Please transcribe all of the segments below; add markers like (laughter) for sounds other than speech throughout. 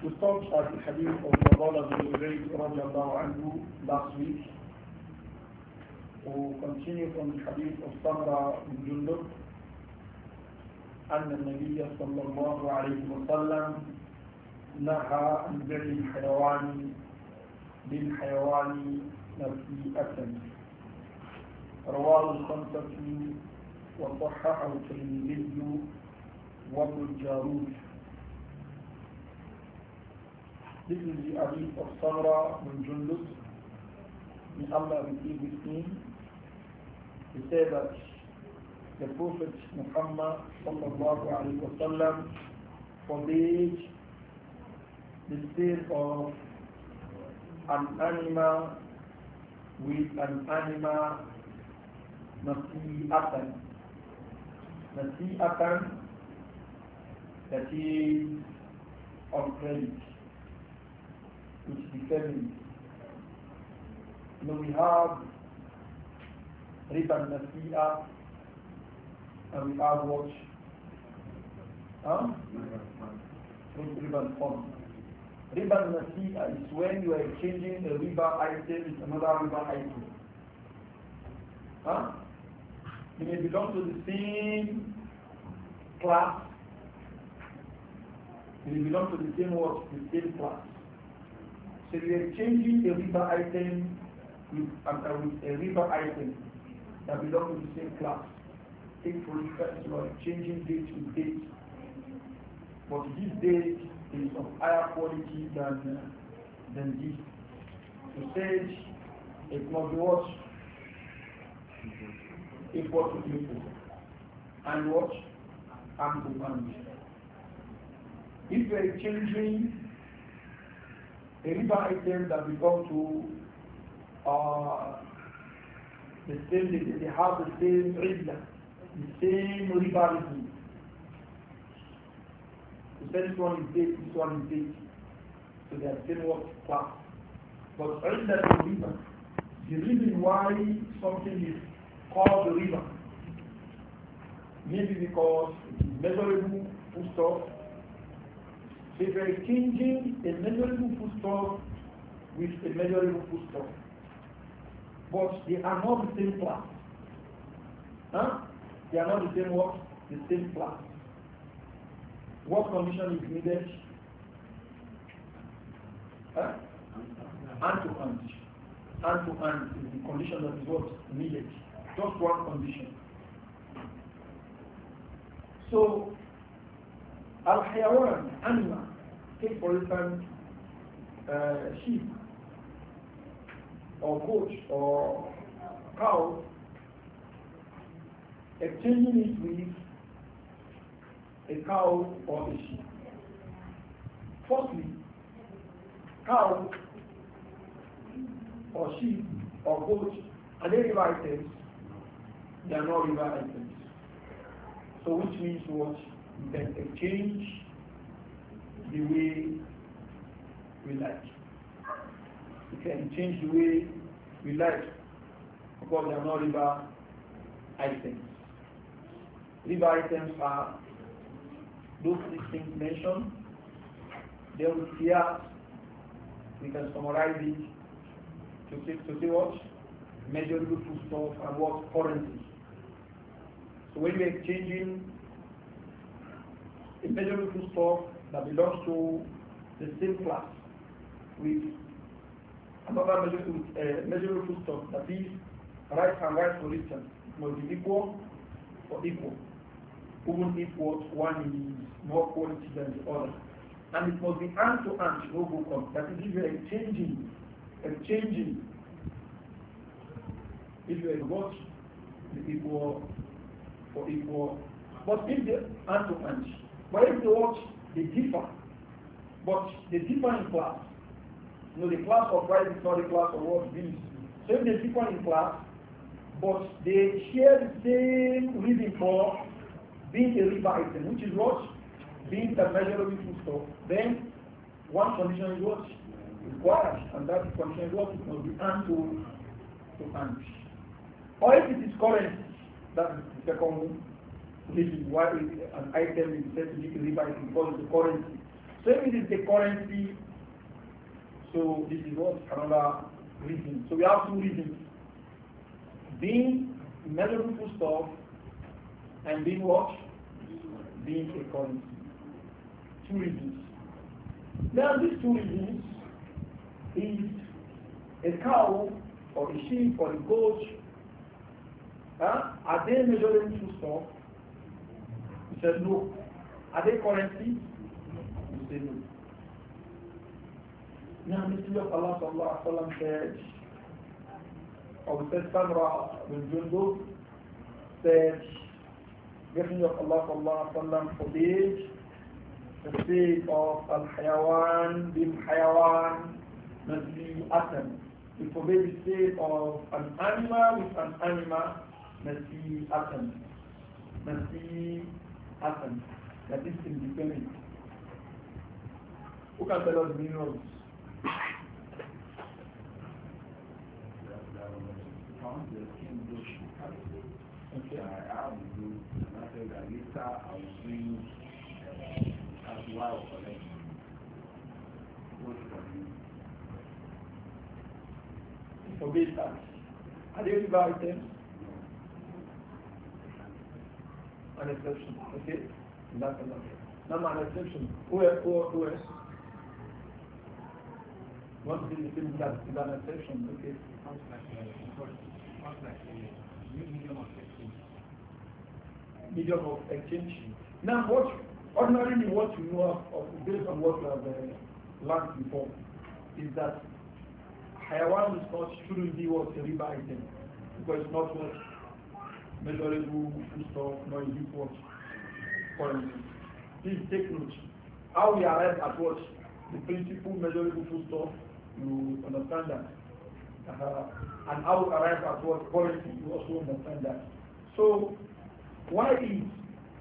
We stopped about the hadith of Abdullah bin Ubayd radiallahu anhu last week. We continue from the hadith of Samra bin Jundub. أن النبي صلى الله عليه وسلم نهى عن بر الحيوان بالحيوان نسيئة رواه الخمسة وصححه الترمذي وابن الجارود This is the hadith of Samra bin Jundus. May Allah be He said that the Prophet Muhammad forbade the sale of an animal with an animal nasi'atan. Nasi'atan that is of credit which determines. You know, we have riba nasi'a and we have watch. Huh? Riba fund. Riba nasi'a is when you are exchanging a river item with another river item. Huh? You may belong to the same class. You may belong to the same what? The same class. So we are changing a river item with, um, uh, with a river item that belongs to the same class. Take for instance, you are changing date to date. But this date is of higher quality than, uh, than this. You say it must be what? It was beautiful. And what? and to the If you are changing a river item that belongs to uh, the same, they, they have the same river, the same river regime. So this one is this, this one is this. So they are same what class. But riba is river? The reason why something is called river maybe because it is measurable so. If you are changing a measurable foodstuff with a measurable foodstuff, but they are not the same class. Huh? They are not the same what? The same class. What condition is needed? Hand to hand. Hand to hand is the condition that is what needed. Just one condition. So, al-hayawan, animal, take for instance uh, sheep or goat or cow, exchanging it with a cow or a sheep. Firstly, cow or sheep or goat are they river items? They are not river items. So which means what? You can exchange the way we like. We can change the way we like because they are not river items. River items are those things mentioned. They will here We can summarize it to see to see what? Measurable foodstuff and what? Currency. So when we are changing a measurable foodstuff that belongs to the same class with another measurable, uh, measurable foodstuff, that is rice and rice for instance, it must be equal or equal, even if what one is more quality than the other. And it must be hand to hand, no book on. That is if you are exchanging, exchanging, if you are what the equal for equal, but if the hand to hand, but if the watch they differ. But they differ in class. You know, the class of right is not the class of what beings. So if they differ in class, but they share the same reason for being a river item, which is what? Being the measurable foodstuff. Then one condition is what? Required, and that condition is what? It must be hand to, to hand. Or if it is current, that is the second one. This is why an item is said to be riba if currency. So if it is the currency, so this is what another reason. So we have two reasons. Being measurable stuff and being what? Being a currency. Two reasons. Now these two reasons is a cow or a sheep or a goat huh? are they measuring stuff? said no. Are they correctly? You say no. Now Messenger of Allah sallallahu alayhi wa said, or said Samra bin Jundub said, Messenger of Allah sallallahu alayhi wa sallam forbade the sake of Al-Hayawan bin Hayawan Nazli Atam. He forbade the sake of an animal with an animal Nazli Atam. Nazli happened, that this is the payment. Who can tell us minerals? Okay. I will do, I that later I will bring as well for them. What for you? Forget that. Are they about an exception. Okay? That's enough. Now an exception. Who Who Who What do you think that is an exception? Okay? Uh, uh, medium of exchange. Now what ordinarily what you know of, of based on what you have uh, learned before is that hayawan is not shouldn't be what a riba item because it's not what measurable foodstuff, not in import currency. Please take note. How we arrive at what? The principle measurable foodstuff, you understand that. Uh, and how we arrive at what quality, you also understand that. So, why is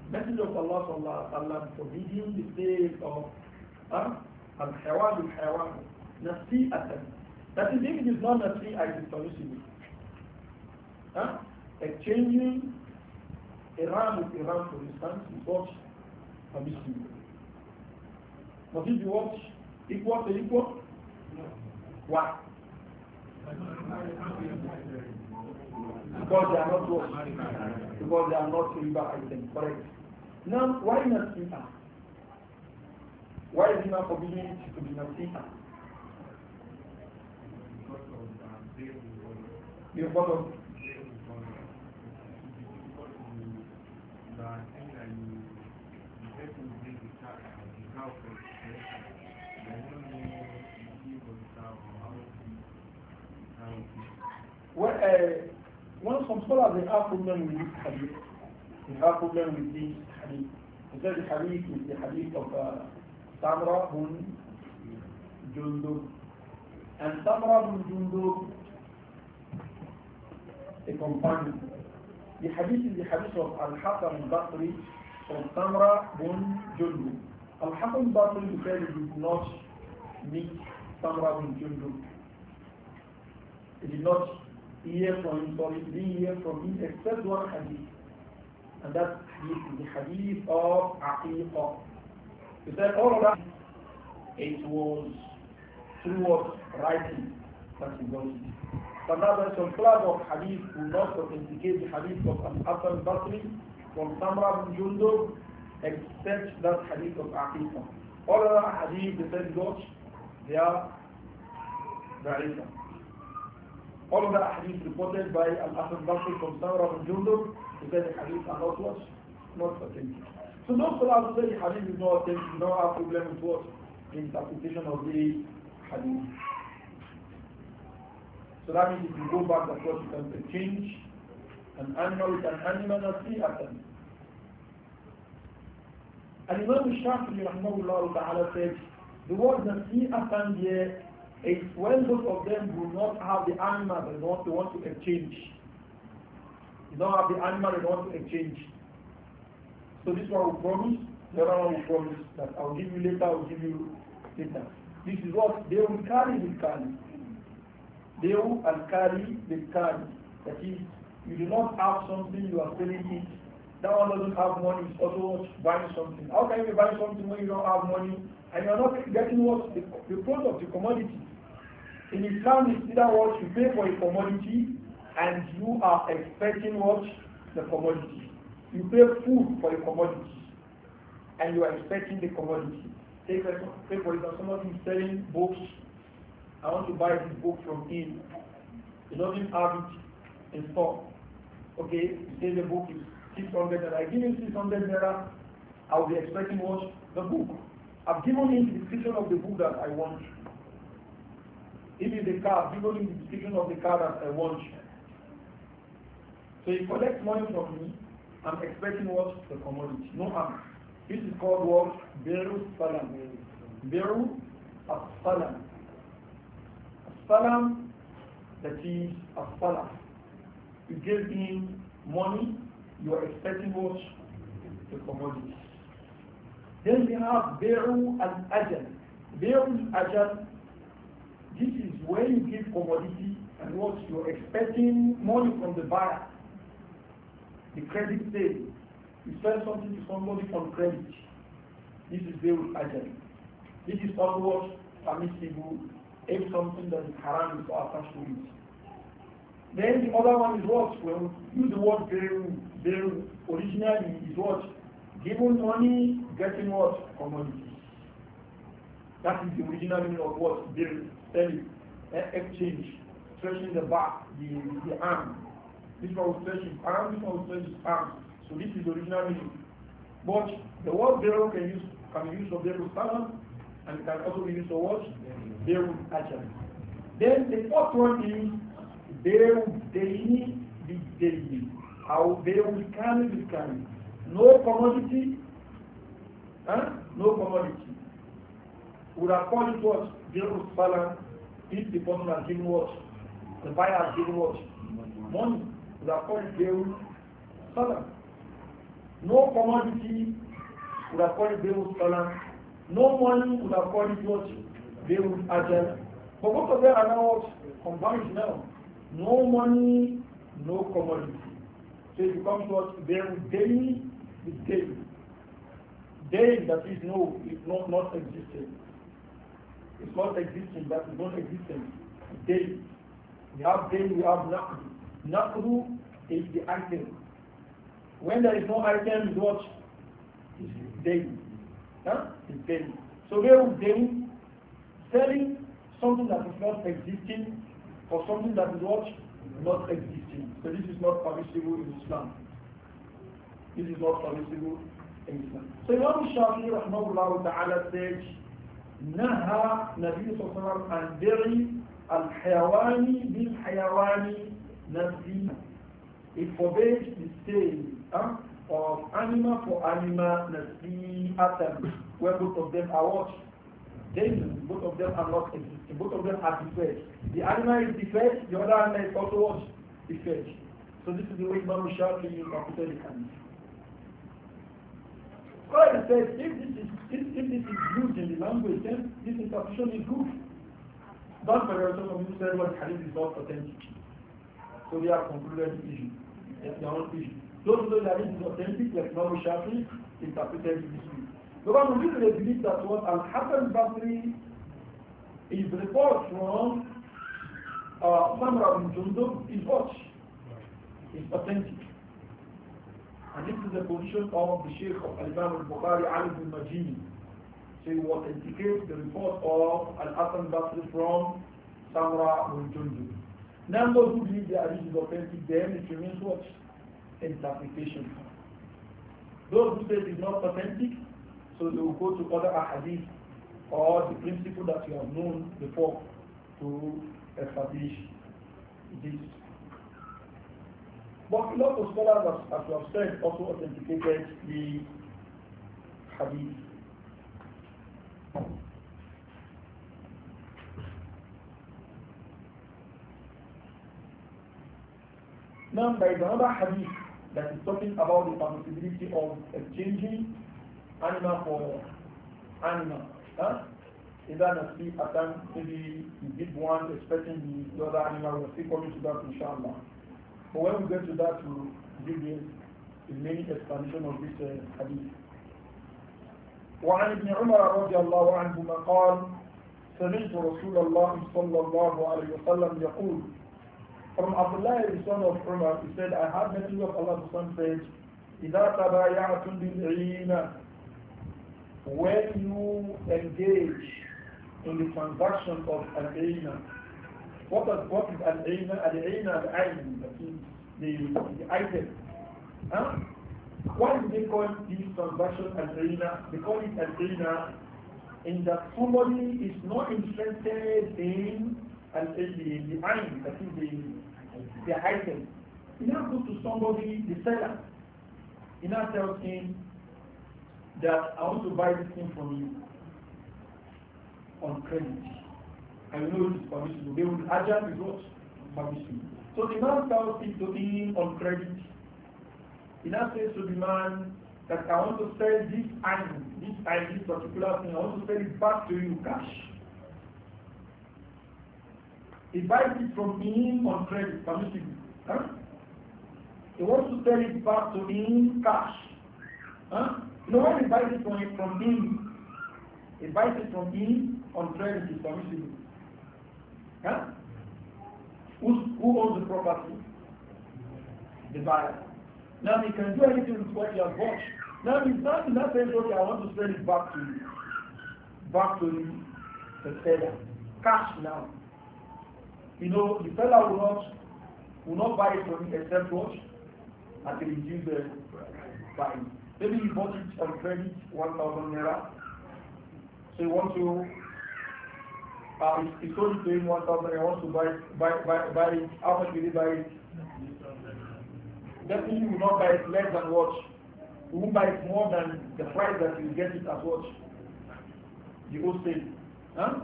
Messenger of Allah sallallahu wa wasallam forbidding the sale of uh, al-hawan al-hawan nasi'atan? That is, if it is not nasi'ah, it is permissible. Huh? exchanging Iran with Iran for instance, is what permissible. But if you watch equal to equal, why? Because they are not what? Because they are not riba items, correct? Now, why not riba? Why is it not forbidden to be not riba? Because of Well, uh, some scholars they have problem with this hadith. They have problem with this hadith. They said the hadith is the hadith of uh, bin Jundub. And Samra bin Jundub, a companion the hadith is the hadith of Al-Hakam al-Basri from Samra bin Jundub. Al-Hakam al-Basri said he not meet Samra bin Jundub. He did not hear from him, sorry, didn't hear from him except one hadith. And that is the hadith of Aqiqah. He said all oh, of it was through writing that he got but now there's some club of hadith who not authenticate the hadith of Al-Hassan Basri from Samra bin Jundub except that hadith of Aqiqah. All other hadith, they said, God, they are Da'ifah. All of the hadith reported by Al-Hassan Basri from Samra bin Jundub, they said the hadith are not what? Not authentic. So those scholars who say the hadith is not authentic, you don't have problem with what? The interpretation of the hadith. So that means if you go back, of course, you can change an animal with an animal and see happen. And Imam Shafi'i rahmahullah ta'ala said, the see nasi'atan here is when both of them do not have the animal they want, they want to exchange. They don't have the animal they want to exchange. So this one will promise, the other one will promise that I'll give you later, I'll give you later. This is what they will carry, with carry. Dew and carry the card. That is, you do not have something, you are selling it. That one doesn't have money, it's also buying something. How can you buy something when you don't have money and you are not getting what the, the product, the commodity? In Islam, it's either what you pay for a commodity and you are expecting what the commodity. You pay food for a commodity and you are expecting the commodity. Take, for example, somebody is selling books I want to buy this book from him. He doesn't have it in stock. Okay, says the book is 600 and I give him 600 naira, I'll be expecting what? The book. I've given him the description of the book that I want. He gives the car, I've given him the description of the car that I want. So he collects money from me, I'm expecting what? The commodity. No harm. This is called what? Beru Salam. Beru Salam. Salam, that is a salah. You give him money, you are expecting what? The commodity. Then we have Be'u and Ajal. Be'u and this is where you give commodity and what you are expecting money from the buyer. The credit sale. You sell something to somebody from credit. This is Be'u and This is also what permissible if something that is haram is attached to it. Then the other one is what? Well, use the word bearing. Bearing originally is what? Giving money, getting what? Commodities. That is the original meaning of what? Bearing, selling, exchange, stretching the back, the, the arm. This one will stretching arm, this one will arm. So this is the original meaning. But the word bearing can use can be used for bearing salon and it can also be used for what? Beirut Ajam. Then the fourth one is they will Daily be Daily. How they will carry Kami carry No commodity. Huh? No commodity. Would have called it They will Salam. If the person has given what? The buyer has given what? Money. Would have called it Beirut Salam. No commodity would have called it Beirut Salam. No money would have called what? they would But both of them are now conventional. No money, no commodity. So it becomes what? They will daily with daily. Day that is no, is not, not existing. It's not existing, that is not existing. Day. We have day. we have nakru. Nakru is the item. When there is no item, what? It's day. Huh? It's day. So we would day selling something that is not existing for something that is what? Not existing. So this is not permissible in Islam. This is not permissible in Islam. So Imam the rahmahullah ta'ala said, نهى النبي صلى الله عليه وسلم عن بيع الحيوان بالحيوان نفسه. It forbids the sale huh, of animal for animal atom, where both of them are what? then both of them are not both of them are defed. The animal is defed, the other animal is also what? Defed. So this is the way Imam Shafi computed the hadith. Well, says if this is if, if this is used in the language, then this is is good. But for the Rasul of said was hadith is not authentic. So we are concluded the issue. It's their own issue. Those who know that it is authentic, like Imam Shafi interpreted this issue. Because who really believe that what Al-Hassan Basri is report from uh, Samra bin Jundub is what? Is authentic. And this is the position of the Sheikh of Al-Imam al-Bukhari, Ali bin Majid. So he authenticates the report of Al-Hassan Basri from Samra bin Jundub. Now those who believe that hadith is authentic, then it remains what? Interpretation. Those who say it is not authentic, so they will go to other ahadith or the principle that you have known before to establish this. But a lot of scholars, as, as you have said, also authenticated the hadith. Now there is another hadith that is talking about the possibility of exchanging animal for animal. Huh? Is that a sleep attack? Maybe you did one expecting the other animal will still coming to that inshallah. But when we get to that we'll give the remaining explanation of this uh, hadith. وعن ابن عمر رضي الله عنهما قال سمعت رسول الله صلى الله عليه وسلم يقول from Abdullah the son of Umar he said I have many of Allah's son said إذا تبايعتم بالعينة when you engage in the transaction of al-ayna, what, is, what is al-ayna? al-ayn, that is the, the item. Huh? Why do they call this transaction al-ayna? They call it al-ayna in that somebody is not interested in the, the item, that is the, the item. He now goes to somebody, the seller. He now tells him, that I want to buy this thing from you on credit. I know it is permissible. They will adjust the what? Permissible. So the man sells it to him on credit. He now says to the man that I want to sell this item, this item, this particular thing, I want to sell it back to you cash. He buys it from him on credit, permissible. Huh? He wants to sell it back to him cash. Huh? No one is buys it from him. It buys it from him on credit is permissible. Huh? who owns the property? The buyer. Now he can do anything with what he has bought. Now he's not in that sense, okay, I want to sell it back to you. Back to the seller. Cash now. You know, the seller will not will not buy it from you except what? At can reduced the price. Maybe you bought it on credit, 1,000 naira. So you want to, uh, you sold it to him 1,000 naira, want to buy, buy, buy, buy it. How much will he buy it? Definitely you will not buy it less than watch. You will buy it more than the price that you get it as watch. You will say, Huh?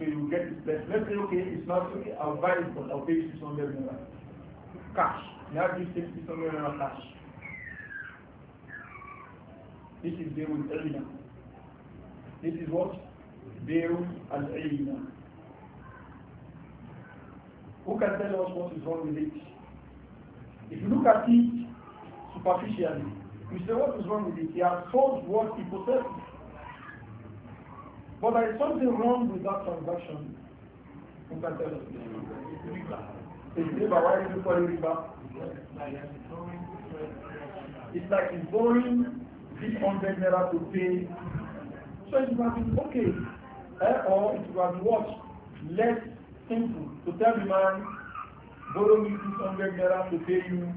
So you get it less. Let's say, okay, it's not, okay, I'll buy it, but I'll pay 600 naira. Cash. You have to 600 naira cash. This is Beirut al This is what? Beirut al -ilna. Who can tell us what is wrong with it? If you look at it superficially, you say what is wrong with it? He has sold what he possesses. But there is something wrong with that transaction. Who can tell us? It's Why It's like it's borrowing 600 naira to pay. So it would have been okay. Eh? Or it would have been what? Less simple to tell the man, borrow me 600 naira to pay you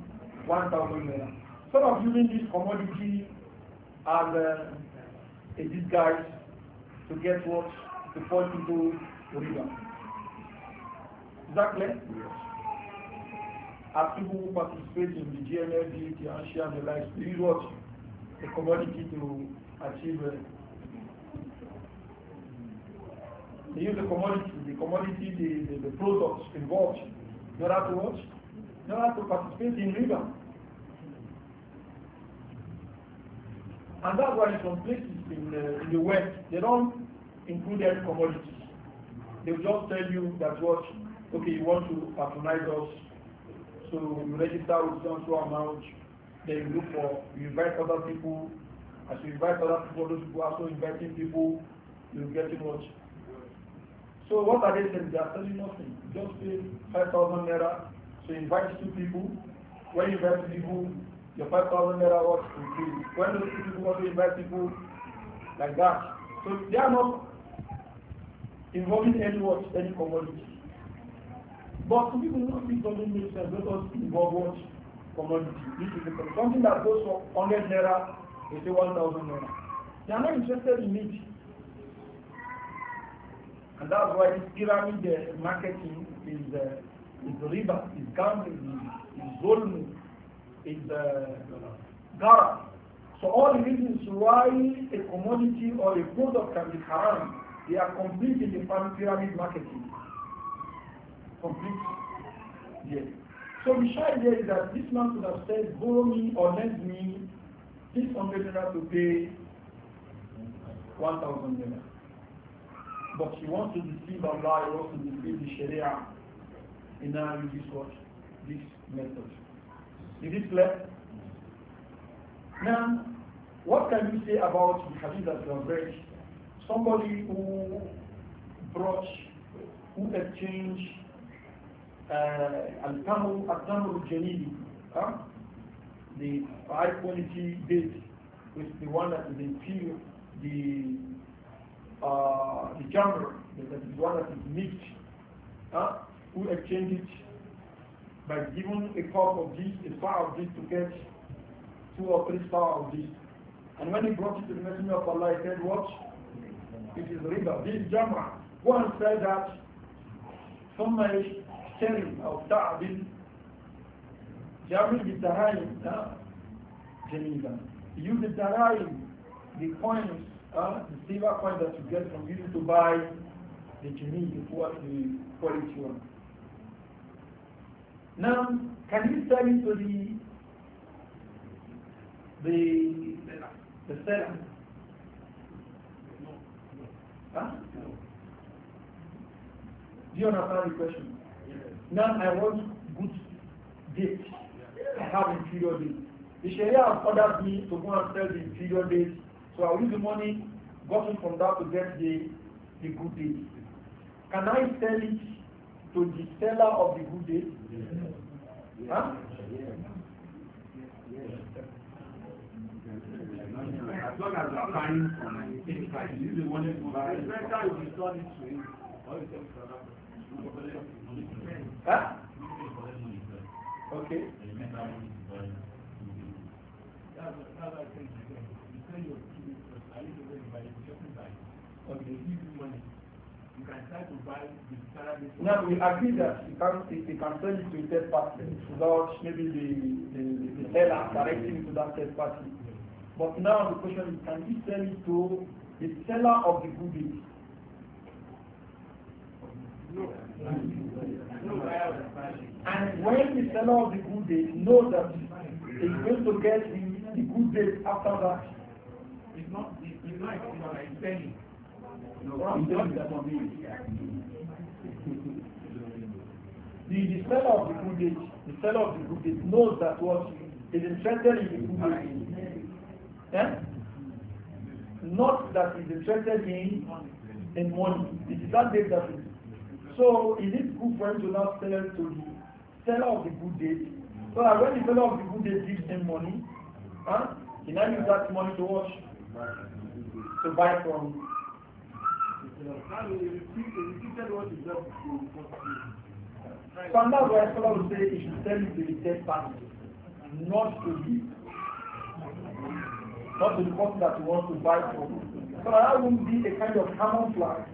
1,000 naira. Sort of using this commodity as a, a disguise to get what? To fall into the river. Is that clear? Yes as people who participate in the GNLD, the Anshia, the likes, they use what? The commodity to achieve. Uh, they use the commodity, the commodity, the, the, the products involved in order to watch, in order to participate in riba. And that's why in some places in the, uh, in the West, they don't include any commodities. They will just tell you that what, okay, you want to patronize us, so you register with some amount, then you look for, you invite other people. As you invite other people, those people also inviting people, you get getting what? So what are they saying? They are telling nothing. Just pay 5,000 naira. So invite two people. When you invite people, your 5,000 naira what When those two people also invite people, like that. So they are not involving any watch, any commodity. But people not, it doesn't make sense. Let us involve watch commodity. This is the, something that goes for 100 naira, they say 1,000 naira. They are not interested in it. And that's why this pyramid uh, marketing is, uh, is river, is gambling, is, is is uh, gara. So all the reasons why a commodity or a product can be haram, they are complete in the pyramid marketing. Complete. Yes. So the shy is that this man could have said, borrow me or lend me hundred naira to pay 1,000 naira. But he wants to deceive Allah, he wants to deceive the Sharia. And now uses what? This method. Is it clear? Now, what can you say about the hadith that you have read? Somebody who brought, who exchanged uh, Al-Tamr al-Jalili, the high quality date with the one that is inferior, the, uh, the genre, that is one that is mixed, we who exchange it by giving a cup of this, a part of this to get two or three power of this. And when he brought it to the Messenger of Allah, he said, What? It is riba. This jamra. Go and sell that. Somebody كرم أو تعب جامل بالدراهم جميلة use the daraim, the coins, uh, the silver coins that you get from you to buy the jimmy, the quality one. Now, can you sell it to the the the seller? Huh? Do you understand the question? Now I want good date. I have inferior date. The Sharia has ordered me to go and sell the inferior date. So I will use the money gotten from that to get the, the good date. Can I sell it to the seller of the good date? Yes. Huh? Yes. Yes. As long as you are buying from the same price, you use the money to buy. Now we agree that you can if you can sell it to a third party without maybe the the, the seller directing to that third party. But now the question is can you sell it to the seller of the goodies? And when the seller of the good knows that he's going to get the, the good after that, it's not, it's not like selling. No, I'm not that (laughs) the, the seller of the good the seller of the good knows that what is interested in the good deed. Yeah? Not that he's interested in in money. It is that that. So is it good for him to not sell to the seller of the good deed? So that when the seller of the good deed gives him money, huh, he now use that money to watch, to buy from. So and that's why scholars will say he should sell it to the third party, not to the not to the person that you want to buy from. So that wouldn't be a kind of camouflage,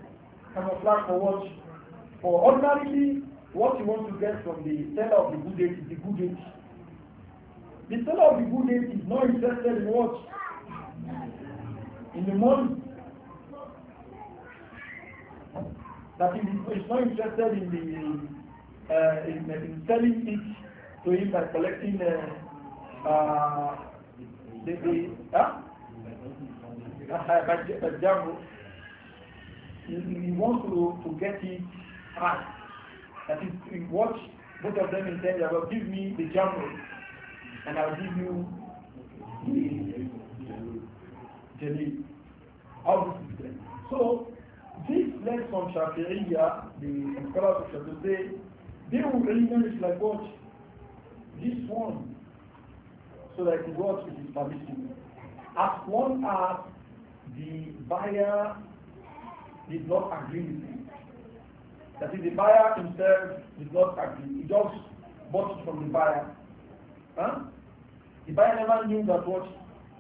camouflage for what for ordinarily, what you want to get from the seller of the good is the good The seller of the good is not interested in what? In the money. That is, is not interested in the uh, in, in, selling it to him by collecting uh, uh, the, the uh, by, by, by, he, he wants to, to get it hand. That is watch both of them intend I will give me the javelin and I'll give you the jelly. All this is So this lesson from Shafi'iyya, the scholars of say, they will manage like what? This one. So that it what it is permissible. As long as the buyer did not agree with him. That is, the buyer himself did not agree. He just bought it from the buyer. Huh? The buyer never knew that what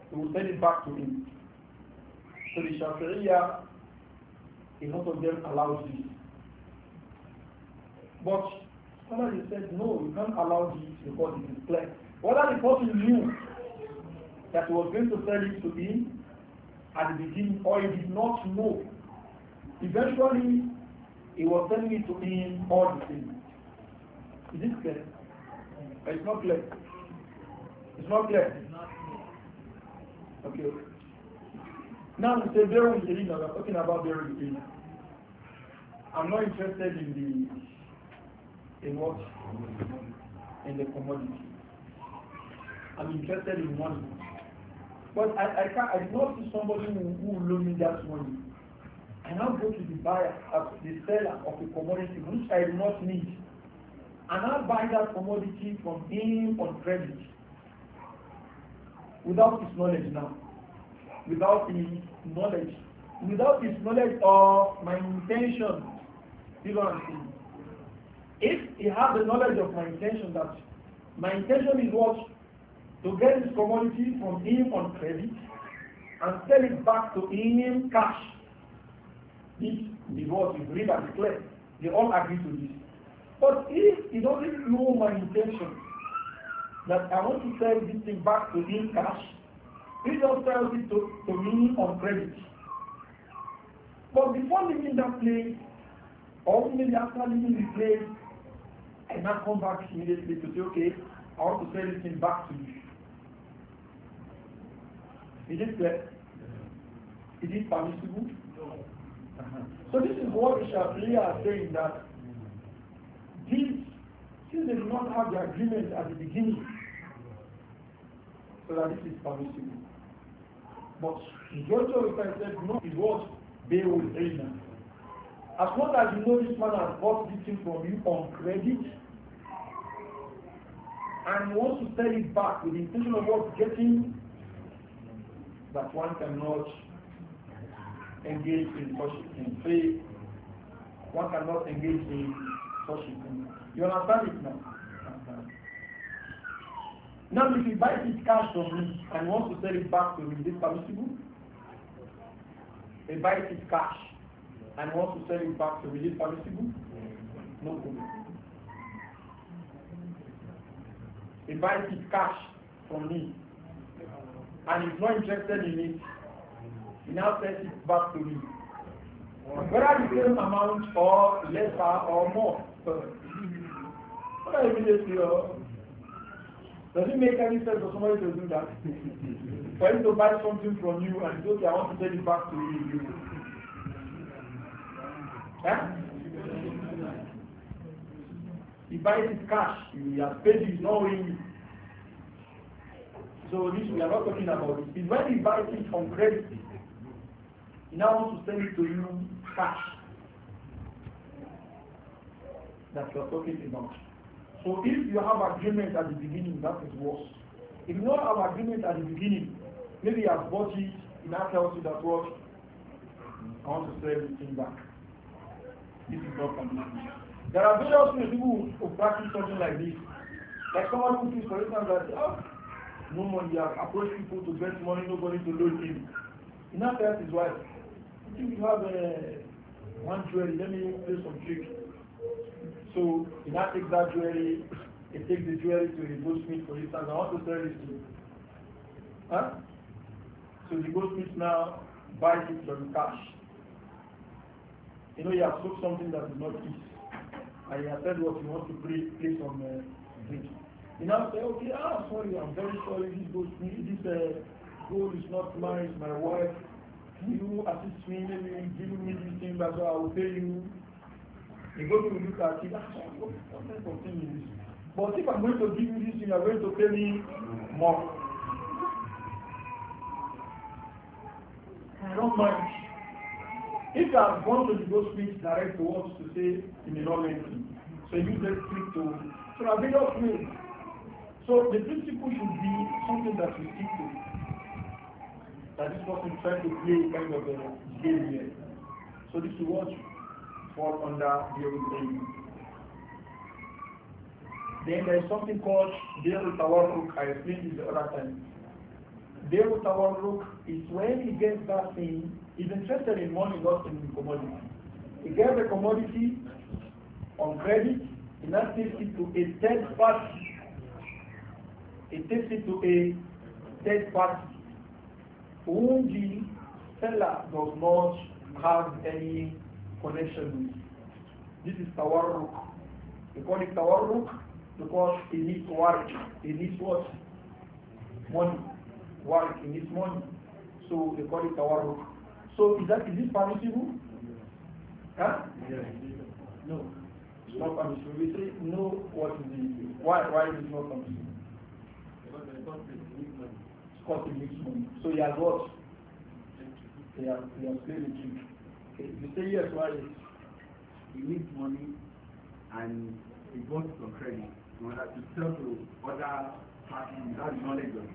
he would send it back to him. So the Shafi'iyah, a lot of them allowed this. But somebody said, no, you can't allow this because it is black. Whether the person knew that he was going to sell it to him at the beginning or he did not know, eventually he was telling me to me all the things. Is this clear? It's not clear. It's not clear. Okay. Now we say very beginning, talking about very beginning. I'm not interested in the in what in the commodity. I'm interested in money. But I, I can't I do not see somebody who, who loan me that money. I now go to the buyer, uh, the seller of a commodity which I do not need. And I buy that commodity from him on credit without his knowledge now. Without his knowledge. Without his knowledge of my intention. You know what I'm saying? If he has the knowledge of my intention that my intention is what? To get this commodity from him on credit and sell it back to him cash if divorce is read and declared, they all agree to this. But if he doesn't know my intention, that I want to sell this thing back to him cash, he just sells it to, to me on credit. But before leaving that place, or maybe after leaving the place, I now come back immediately to say, okay, I want to sell this thing back to you. Is it clear? Is it permissible? No. Uh-huh. So this is what the Shafi'i are saying that these, since they do not have the agreement at the beginning, so that this is permissible. But Joshua, of the said no is what they will pay As long as you know this man has bought this thing from you on credit and wants to sell it back with the intention of what getting that one cannot engage in such faith, one cannot engage in such You understand it now? Now, if he buys his cash from me and wants to sell it back to me, is this permissible? He buys his cash and wants to sell it back to me, is this permissible? No problem. He buys his cash from me and is not interested in it he now sends it back to me. Whether the same amount or lesser or more. What are you doing does it make any sense for somebody to do that? (laughs) for him to buy something from you and you I want to send it back to you. Huh? He buys cash. He has paid it, not So this we are not talking about it. It's when he buys it on credit he now wants to send it to you cash that you are talking about. So if you have agreement at the beginning, that is worse. If you don't have agreement at the beginning, maybe you have bought it, in now tells you that what I want to sell this thing back. This is not permitted. There are various people who practice something like this. Like someone who thinks, for instance, that oh, no money, I approach people to get money, nobody to load him. In that sense, his wife, if you have uh, one jewelry, let me play some tricks. So he now takes that jewelry, he takes the jewelry to the goldsmith, for instance, I want to sell this to Huh? So the goldsmith now buys it from cash. You know, he has took something that is not his. And he has said what you want to play, play some uh, drink. He now say, okay, ah, sorry, I'm very sorry, this goldsmith, this uh, gold is not mine, it's my wife. you assist me, maybe you give me this thing, but I will pay you. You go to look at it, ah, what type of thing is this? But if I'm going to give you this you're going to pay me more. I don't mind. If I have gone to the ghost speech direct to to say in the knowledge, so you just speak to so I made up So the principle should be something that we stick to. that this person tried to play kind of a game here. So this is what fall under Dairy Then there is something called tower Tawarruk. I explained this the other time. Dairy Tawarruk is when he gets that thing, he's interested in money, not in commodity. He gets the commodity on credit, and that takes it to a third party. It takes it to a third party whom the seller does not have any connection with. This is tawarruk. They call it tawarruk because he needs work. He needs what? Money. Work. He needs money. So they call it tawarruk. So is that is this permissible? Huh? Yeah. No. It's not permissible. We say no what is it? Why why is it not permissible? caught him with money. So you have what? He have he have played with you. Okay. You say yes, why? He needs money and he goes some credit in order to sell to other parties without knowledge of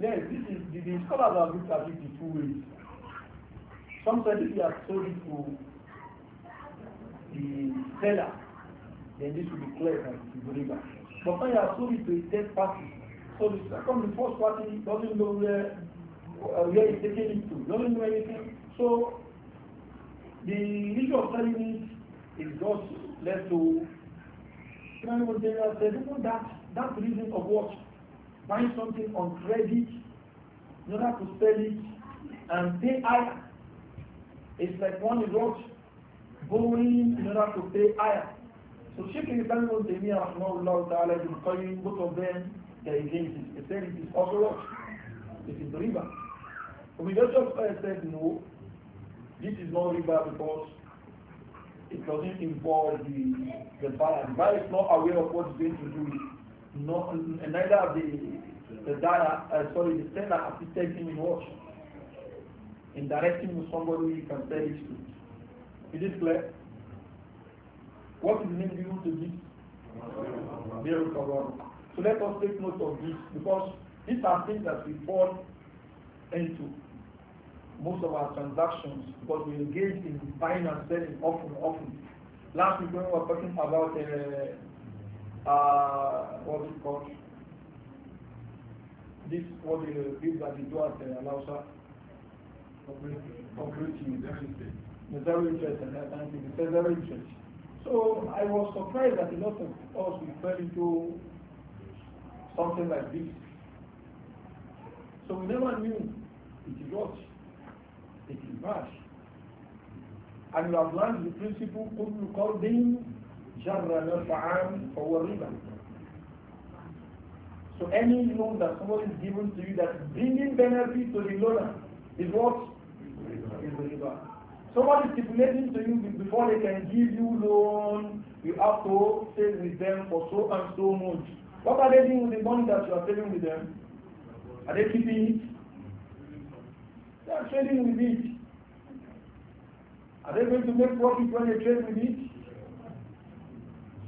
Yes, this is the, the scholars have looked at it in two ways. Sometimes if he has sold it to the seller, then this will be clear that it's a believer. But when you have sold it to a third party, So the second, the first party doesn't know where, uh, where it's taking it to, doesn't know anything. So the issue of selling it is just led to Imam Mujahidah said, you know that, that reason of what? Buying something on credit in order to sell it and pay higher. It's like one is what? Borrowing in order to pay higher. So Sheikh Ibn Taymiyyah, Rahmahullah Ta'ala, Ibn Qayyim, both of them they're against it. They said it is also what? It is riba. But we just uh, said no, this is not riba because it doesn't involve the, the buyer. The buyer is not aware of what is going to do. No, and neither the the data, uh, sorry, the seller has to take him in what? In directing to somebody he can sell it to. Is it clear? What is the name given to this? Miracle so let us take note of this because these are things that we fall into most of our transactions because we engage in buying and selling often, often. Last week when we were talking about uh, uh, what is called this what the people that we do at uh, the Alausa operating is very interesting. Uh, thank you. It's very interesting. So I was surprised that a lot of us we fell into something like this. So we never knew it is what? It is bad. And we have learned the principle كل قلب جر نفعا فهو ربا. So any loan that someone is given to you that is bringing benefit to the loaner is what? Is riba. Somebody stipulating to you before they can give you loan, you have to stay with them for so and so much. What are they doing with the money that you are saving with them? Are they keeping it? They are trading with it. Are they going to make profit when they trade with it?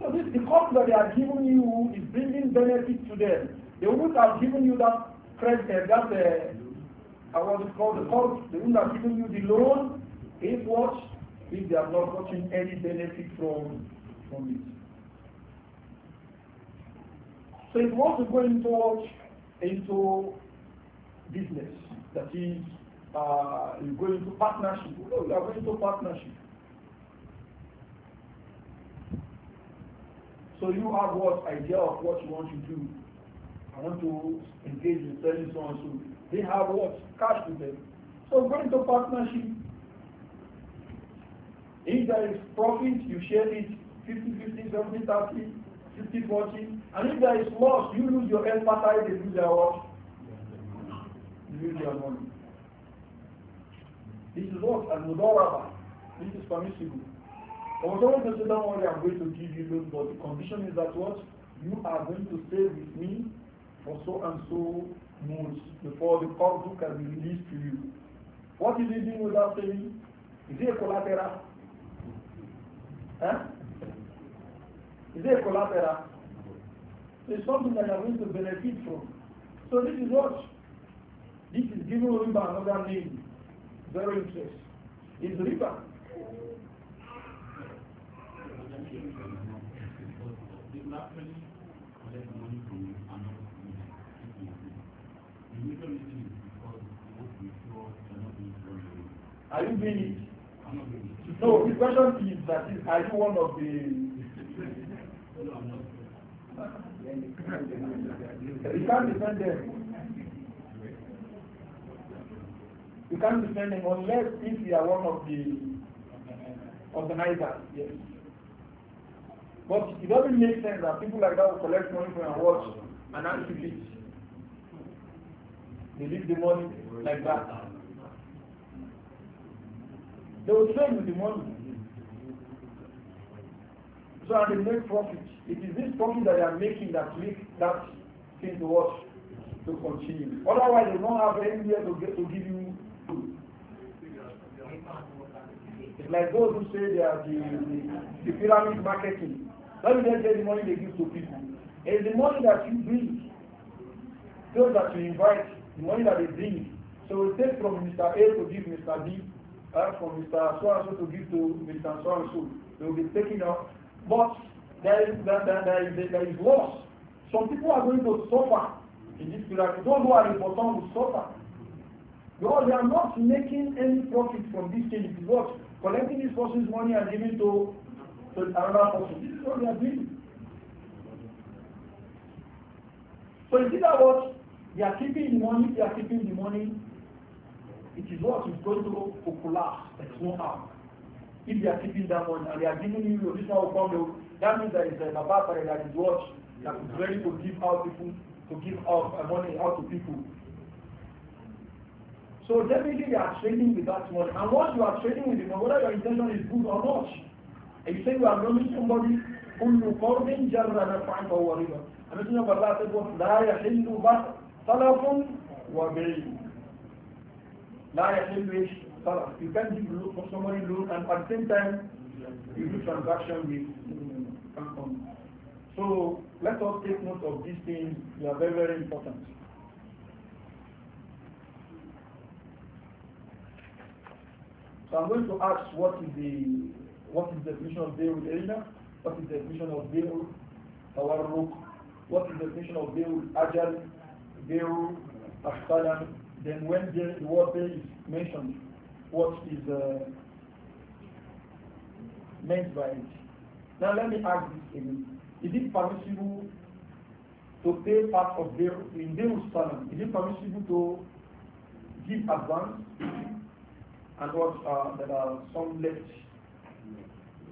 So this, the cost that they are giving you is bringing benefit to them. They would have given you that credit, uh, that uh, uh, what is called the cost. They wouldn't have given you the loan if what if they are not gotten any benefit from from it. So if you want to go into into business, that is, uh, you go into partnership. No, you are going to partnership. So you have what idea of what you want to do. I want to engage in selling so and so. They have what cash with them. So go into partnership. If there is profit, you share it 50, 50, 70, 30 you keep watching. And if there is loss, you lose your empathy, they lose their what? You lose your money. This is what? Al Mudaraba. This is permissible. I was always going to say that I'm going to give you this, but the condition is that what? You are going to stay with me for so and so months before the cargo can be released to you. What is he doing without saying? Is he a collateral? Huh? Is there a collateral? It's something that you're going to benefit from. So this is what? This is given riba another name. Very interest. It's riba. Are you being it? No, the question is that is, are you one of the You can't defend them. You can't defend them unless if you are one of the organizers. Yes. But it doesn't make sense that people like that will collect money from and watch and actually leave. They leave the money like that. They will trade with the money so that they make profit. It is this profit that they are making that makes that thing to us to continue. Otherwise, they don't have anywhere to, get, to give you food. It's like those who say they are the, the, the pyramid marketing. Let me just get the money they give to people. It's the money that you bring, those that you invite, the money that they bring. So we take from Mr. A to give Mr. B, uh, from Mr. So and so to give to Mr. So and so. They will be taking off. But there is, there, there, there is, there is loss. Some people are going to suffer in this period. Those who are important will suffer. Because they are not making any profit from this thing. It is what? Collecting this person's money and giving to, to another person. This is what they are doing. So is that what they are keeping the money, they are keeping the money. It is what is going to collapse. There's no harm if they are keeping that money and they are giving you your additional bundle, that means that it's a uh, Baba that is watch that is ready to give out people to give out uh, money out to people. So definitely they are trading with that money. And what you are trading with, it, whether your intention is good or not, you say you are to somebody, كل قرض جر نفعا فهو ربا. And Messenger of Allah said, لا يحل بر طلب وبيع. لا يحل ايش؟ salah. You can't give loan for somebody loan and at the same time you do transaction with mm, company. So let us take note of these things. They are very, very important. So I'm going to ask what is the what is the definition of Beirut Elina, what is the definition of Beirut Tawarruk, what is the definition of Beirut Ajal, Beirut Ashtalan, then when the, the is mentioned, what is uh, meant by it. Now let me ask this again. Is it permissible to pay part of their in their salary? Is it permissible to give advance and what uh, there are some left?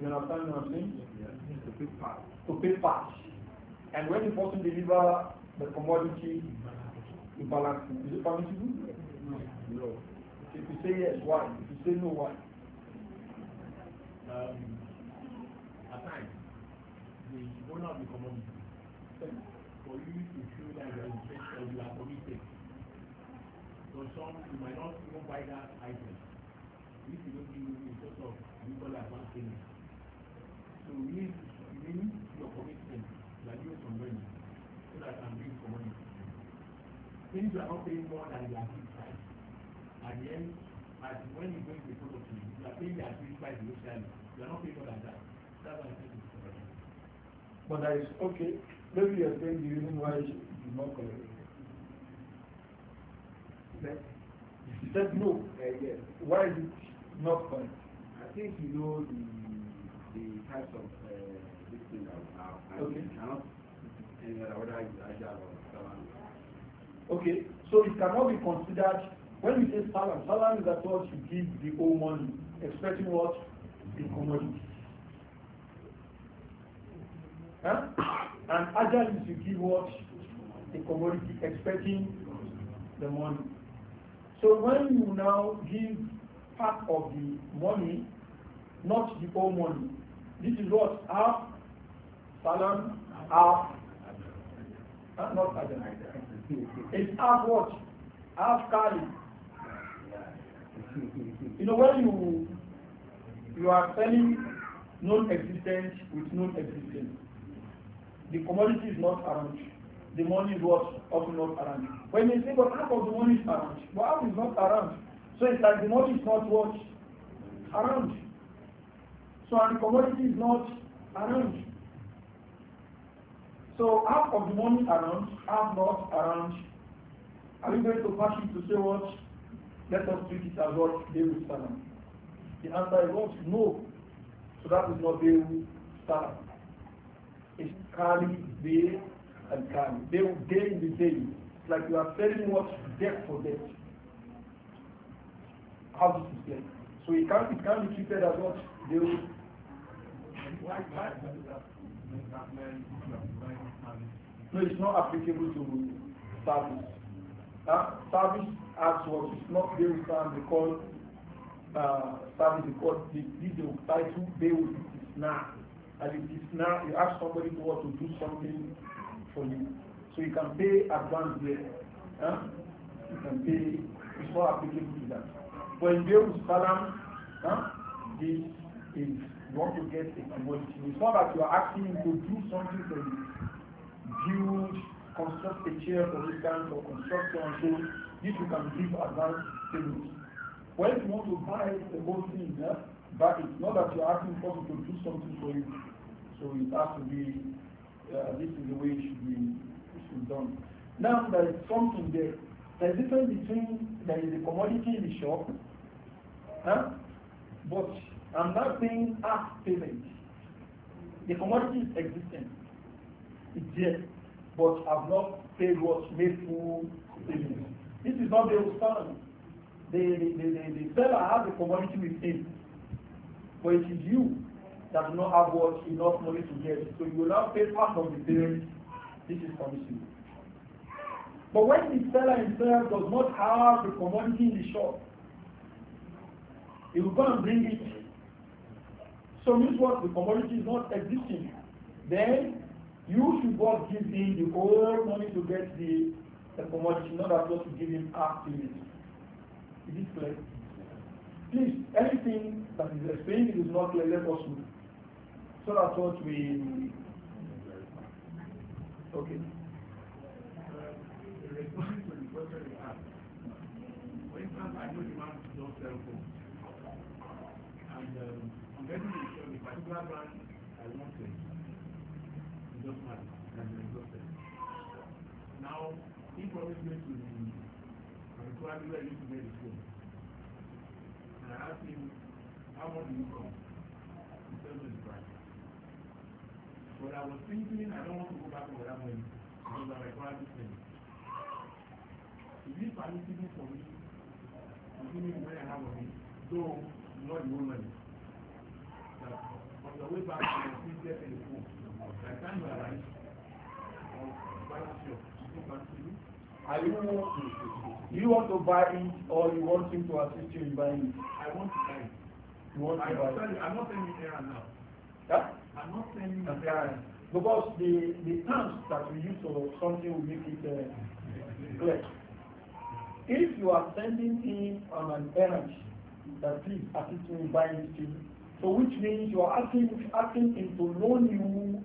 You understand what I'm saying? Yeah. To pay part. To pay part. And when the person deliver the commodity, the balance. Is it permissible? no. If you say yes, why? If you say no, why? Um, at times, the owner of the community, for you to show that you are interested, you are committed. So some, you might not even buy that item. If you don't give you a sort of, we call that one thing. So we need your commitment, like you some money, so that I can bring money. Things you are not paying more than you are at the end, at when you go to the property, you are paying the agreed price initially. You are not paying more than that. That's why I said it's correct. But that is okay. Maybe you are saying the reason why it is not correct. he said no. Uh, yes. Why is it not correct? I think you know the the types of uh, this thing that we have. okay. cannot any other whether it's or Okay, so it cannot be considered when we say salam, salam is that what you give the old money, expecting what? The commodity. Huh? And agile is you give what? The commodity, expecting the money. So when you now give part of the money, not the whole money, this is what? Half, salam, half, not agile. It's half what? Half carry (laughs) You know, when you you are selling non-existent with non-existent, the commodity is not around. The money is worth also not around. When you say, but half of the money is around, but half is not around. So it's like the money is not worth around. So and the commodity is not around. So half of the money around, half not around. Are we going to pass it to say what? Let us treat it as what they will salam. The answer is what? No. So that is not they will salam. It's kali, they, and kali. They will gain the day. It's like you are selling much death for death. How this is death. So it can't, it can't be treated as what they will. No, it's not applicable to service. Uh, service as what is not Beutan, they call uh, service, they call the video title Beut now And it is now you ask somebody to, to do something for you. So you can pay advance there. Huh? You can pay, it's not applicable to that. But in Beut Salam, huh? this is you want to get a commodity. It's not that you are asking him to do something for you construct a chair, for this or construct so and so, this you can give advance payment. When you want to buy the whole thing, eh, but it's not that you're asking for me to do something for you. So it has to be, uh, this is the way it should be, it should be done. Now there is something there. There is a difference between there is a commodity in the shop, huh? Eh, but I'm not paying ask payment. The commodity is existing. It's there but have not paid what made full payment. This is not the stand. The, the, the, the, seller has a commodity with him, but it is you that do not have what enough money to get. So you will now pay part of the payment. This is permissible. But when the seller himself does not have the commodity in the shop, he will go and bring it. So means what the commodity is not existing. Then you should not give him the whole money to get the, the promotion. not at all to give him half to it. Is it clear? Please, anything that is explained is not clear, let us know. So that's what we... Okay. for instance, I know the man who does cell phone, and um, I'm getting the particular brand adjustment can be adjusted. Now, he promised me to the requirement where I used to get the phone. And I asked him, how much do you come? He told me the price. But I was thinking, I don't want to go back over that money because I require this thing. Is it permissible for me to give him when I have money, though not the whole money? That on the way back, I was still anything. Are you, you want to buy it or you want him to assist you in buying it? I want to buy it. You want I to buy it? I'm not sending there now. Yeah? I'm not sending there error. Because the, the terms that we use for something will make it uh, clear. If you are sending him on an energy that please assist me in buying this thing, so which means you are asking, asking him to loan you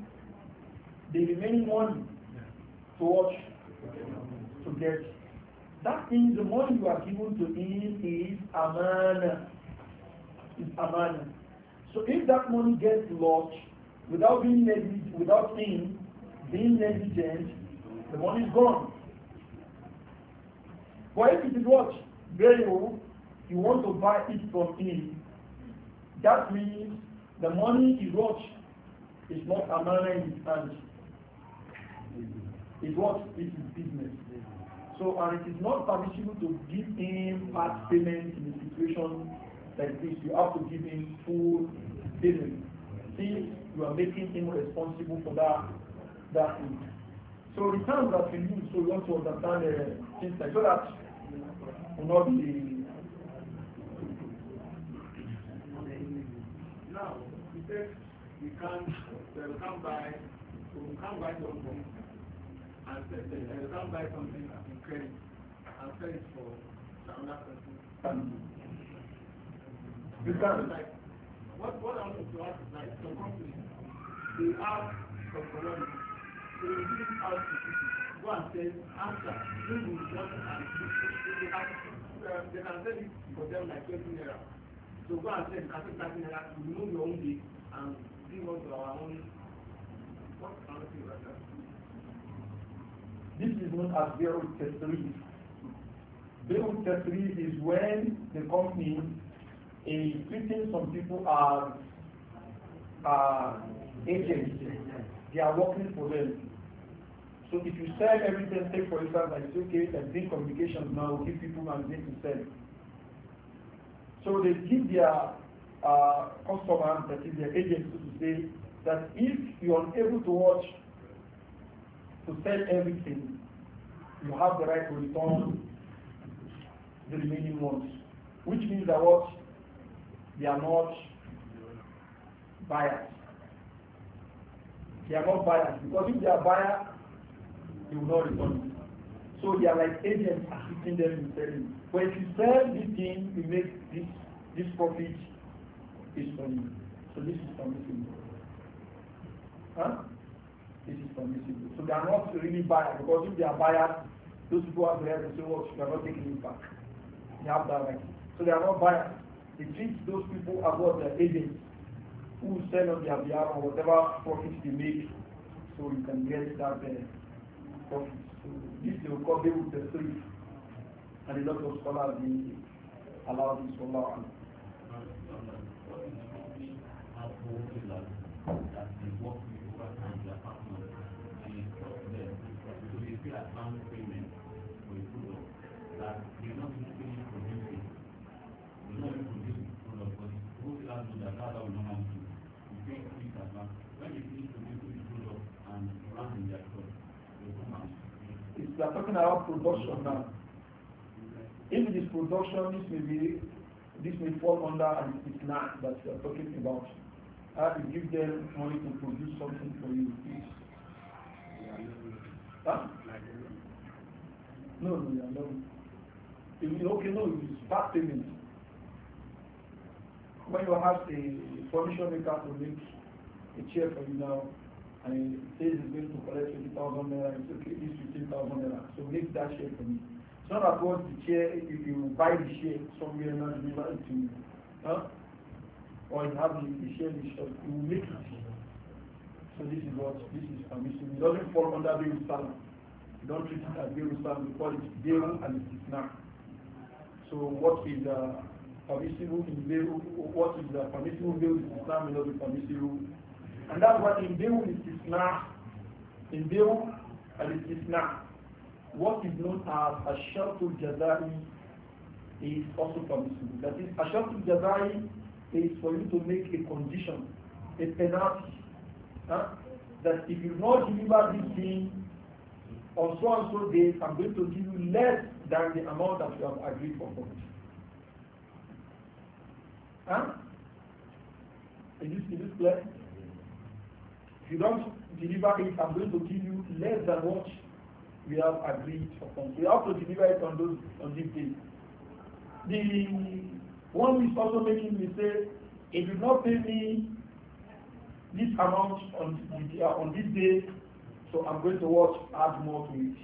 the remaining money to watch to get. That means the money you are given to him is amana. Is amana. So if that money gets lost without being negligent, without him being negligent, the money is gone. But if it is what? old, you want to buy it from him. That means the money is what? is not amana in his hands. Mm-hmm. It what? It is business. So, and it is not permissible to give him part payment in a situation like this. You have to give him full payment. Since you are making him responsible for that, that thing. So returns that we use, so we want to understand uh, things like so that will not be. Now, he says we can't, we can't we can't buy something. and said, I can't buy something in credit and sell it for another person. You can. Like, what, what I want to ask is like some companies, they have some commodities, they will give it out to people. Go and say, answer, who will want and they can, uh, they can sell it for them like 20 naira. So go and say, you can 30 naira, you remove your own day and give us our own. What kind of thing like that? This is known as Beirut Tasrif. Beirut Tasrif is when the company is treating some people as uh, agents. They are working for them. So if you sell everything, take for example, I say, okay, I think communications now give people magazine to sell. So they give their uh, customers, that is their agents, to say that if you are unable to watch to sell everything, you have the right to return the remaining ones, which means that what they are not buyers. They are not buyers because if they are buyers, they will not return. So they are like agents assisting them in selling. But if you sell this thing, you make this this profit is for you. So this is something. Huh? permissible. So they are not really biased because if they are biased, those people are there and say, well, you are not taking it back. They have that right. So they are not biased. They treat those people as what their agents who sell on their behalf or whatever profits they make so you can get that uh, profit. So this they will call they will pursue and a lot of scholars they allow this for law. We are talking about production now. If it is production, this may be this may fall under it's not that we are talking about. I have to give them money to produce something for you, please. Huh? No, no, no. If you, okay, no, it's part payment. When you have a furniture maker to make a chair for you now, and he says he's going to collect 20,000 naira, it's okay, it's 15,000 naira. So make that share for me. It's not about the share, if you buy the share somewhere and not deliver it to you, huh? or you have the, the share in shop, you will make share. So this is what, this is permission. It doesn't fall under the Salam. You don't treat it as Beirut Salam, you call it Beirut and it's not. So what is uh, permissible in Beirut, what is uh, permissible in Beirut Islam may not permissible and that's what in Bill istisna, in Bill it is what is known as ashartul jazai is also permissible. That is, ashartul jazai is for you to make a condition, a penalty, huh? that if you not deliver this thing on so and so days, I'm going to give you less than the amount that you have agreed for. Huh? Is this, is this clear? you don't deliver it, I'm going to give you less than what we have agreed upon. So you have to deliver it on those on this day. The one is also making me say, you do not pay me this amount on, on this day, so I'm going to watch add more to it.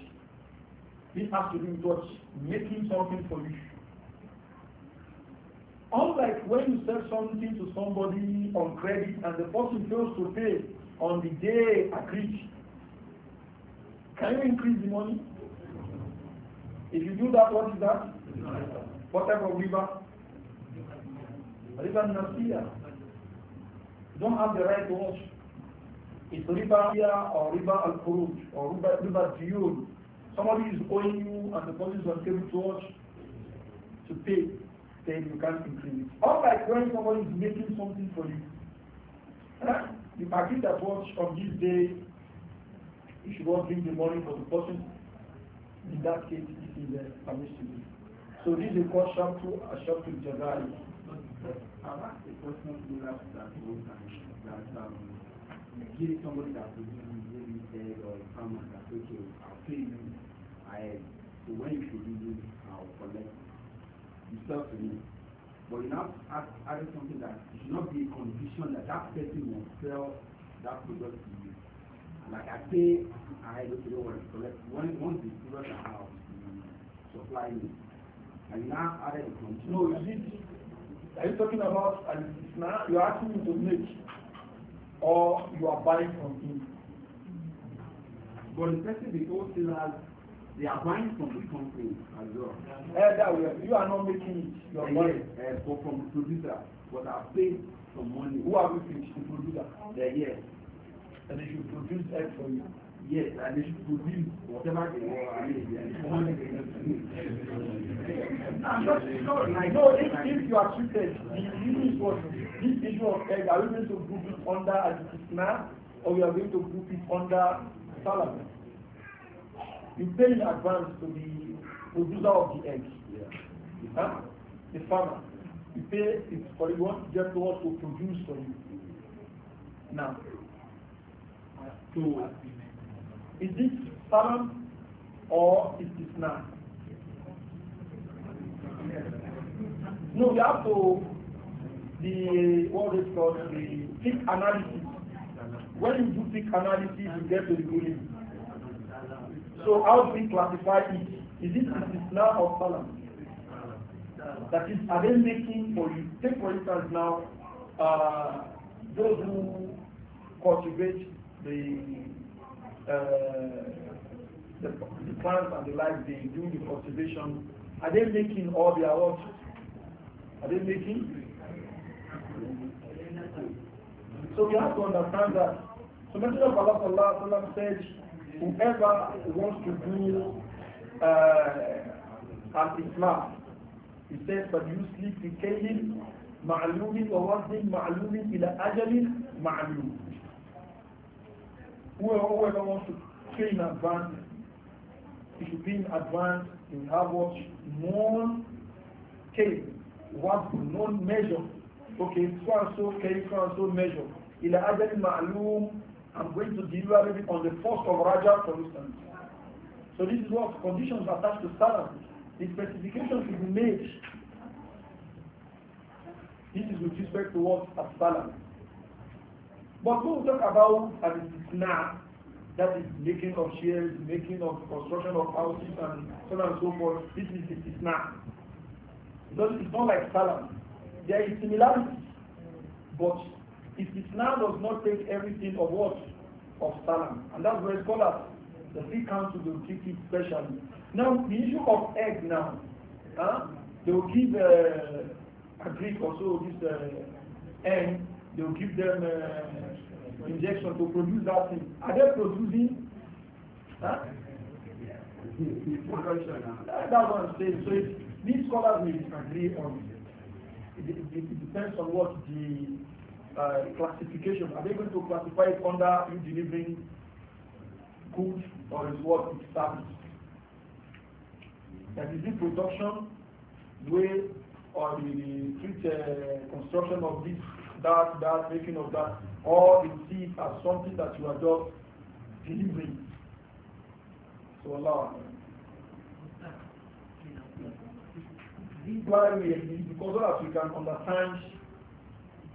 This has to do with what? Making something for you. Unlike when you sell something to somebody on credit and the person fails to pay, on the day agreed, can you increase the money? If you do that, what is that? What river? River Nasiya. You don't have the right to watch. It's river here or river al quruj or river, river Somebody is owing you and the person is unable to watch to pay, then you can't increase it. Unlike when somebody is making something for you, the market that watch on this day, you should not bring the money for the person. In that case, it is is uh, permissible. So this is called shop to a uh, shop to Jazari. I've a question to that that um, give somebody that will be dead or a farmer that's okay, I'll pay you. I, so when you should I'll collect. You sell to me. But you now add, added something that not be a condition that that person will sell that product to you. Like I say, I don't know what to collect. When, once the products are supply me. And now I have a condition. No, is it, are you talking about an now you're asking me to make or you are buying from him? But the person the has, they are buying from the company as well. Yeah. that way, you are not making it, you are eh, buying. yes, uh, from the producer but are paid some money. Who are we to, to produce that? They're here. And they should produce egg for you. Yes, and they should produce whatever they want. I'm not sure. No, if, if you are treated, the issue was this issue of egg, are we going to group it under Adikisna or we are going to group it under Salama? You pay in advance to the producer of the egg. Yeah. Huh? The farmer. You pay it for you want to get what to produce for you. Now, so is this haram or is this not? No, you have to the what is called the thick analysis. When you do thick analysis, you get to the ruling. So how do we classify it? Is it is now or salam? Uh, that is, are they making for you? Take for instance now, uh, those who cultivate the uh, the, the, plants and the like, they do the cultivation. Are they making all their work? Are they making? So we have to understand that. So Messenger of Allah said, whoever wants to do uh, an Islam, he said, but you sleep with Kayin, Ma'alumin, Wawazin, Ma'alumin, Ila Ajalin, Ma'alum. Whoever, wants to pray in advance, he should be in advance, he have More case, what known measure. Okay, so and so case, so and so measure. Ila Ajalin, Ma'alum, I'm going to deliver it on the 1st of Rajab, for instance. So this is what conditions attached to Salah the specification to be made. This is with respect to what as balance. But when we talk about an isna, that is making of shares, making of construction of houses and so on and so forth, this is the isna. Because it's not like salam. There is similarity, but it is Islam does not take everything of what? Of salam. And that's where scholars, the three councils will treat it specially. Now, the issue of egg now, huh? they will give uh, a Greek or so this uh, egg, they will give them uh, injection to produce that thing. Are they producing? Huh? that, that's what I'm saying. So it, these scholars may disagree on it. It, it. depends on what the uh, classification. Are they going to classify it under you delivering goods or is what it done? that is the production way or the uh, construction of this, that, that, making of that, or is it as something that you are just delivering. So Allah. Why we because as we can understand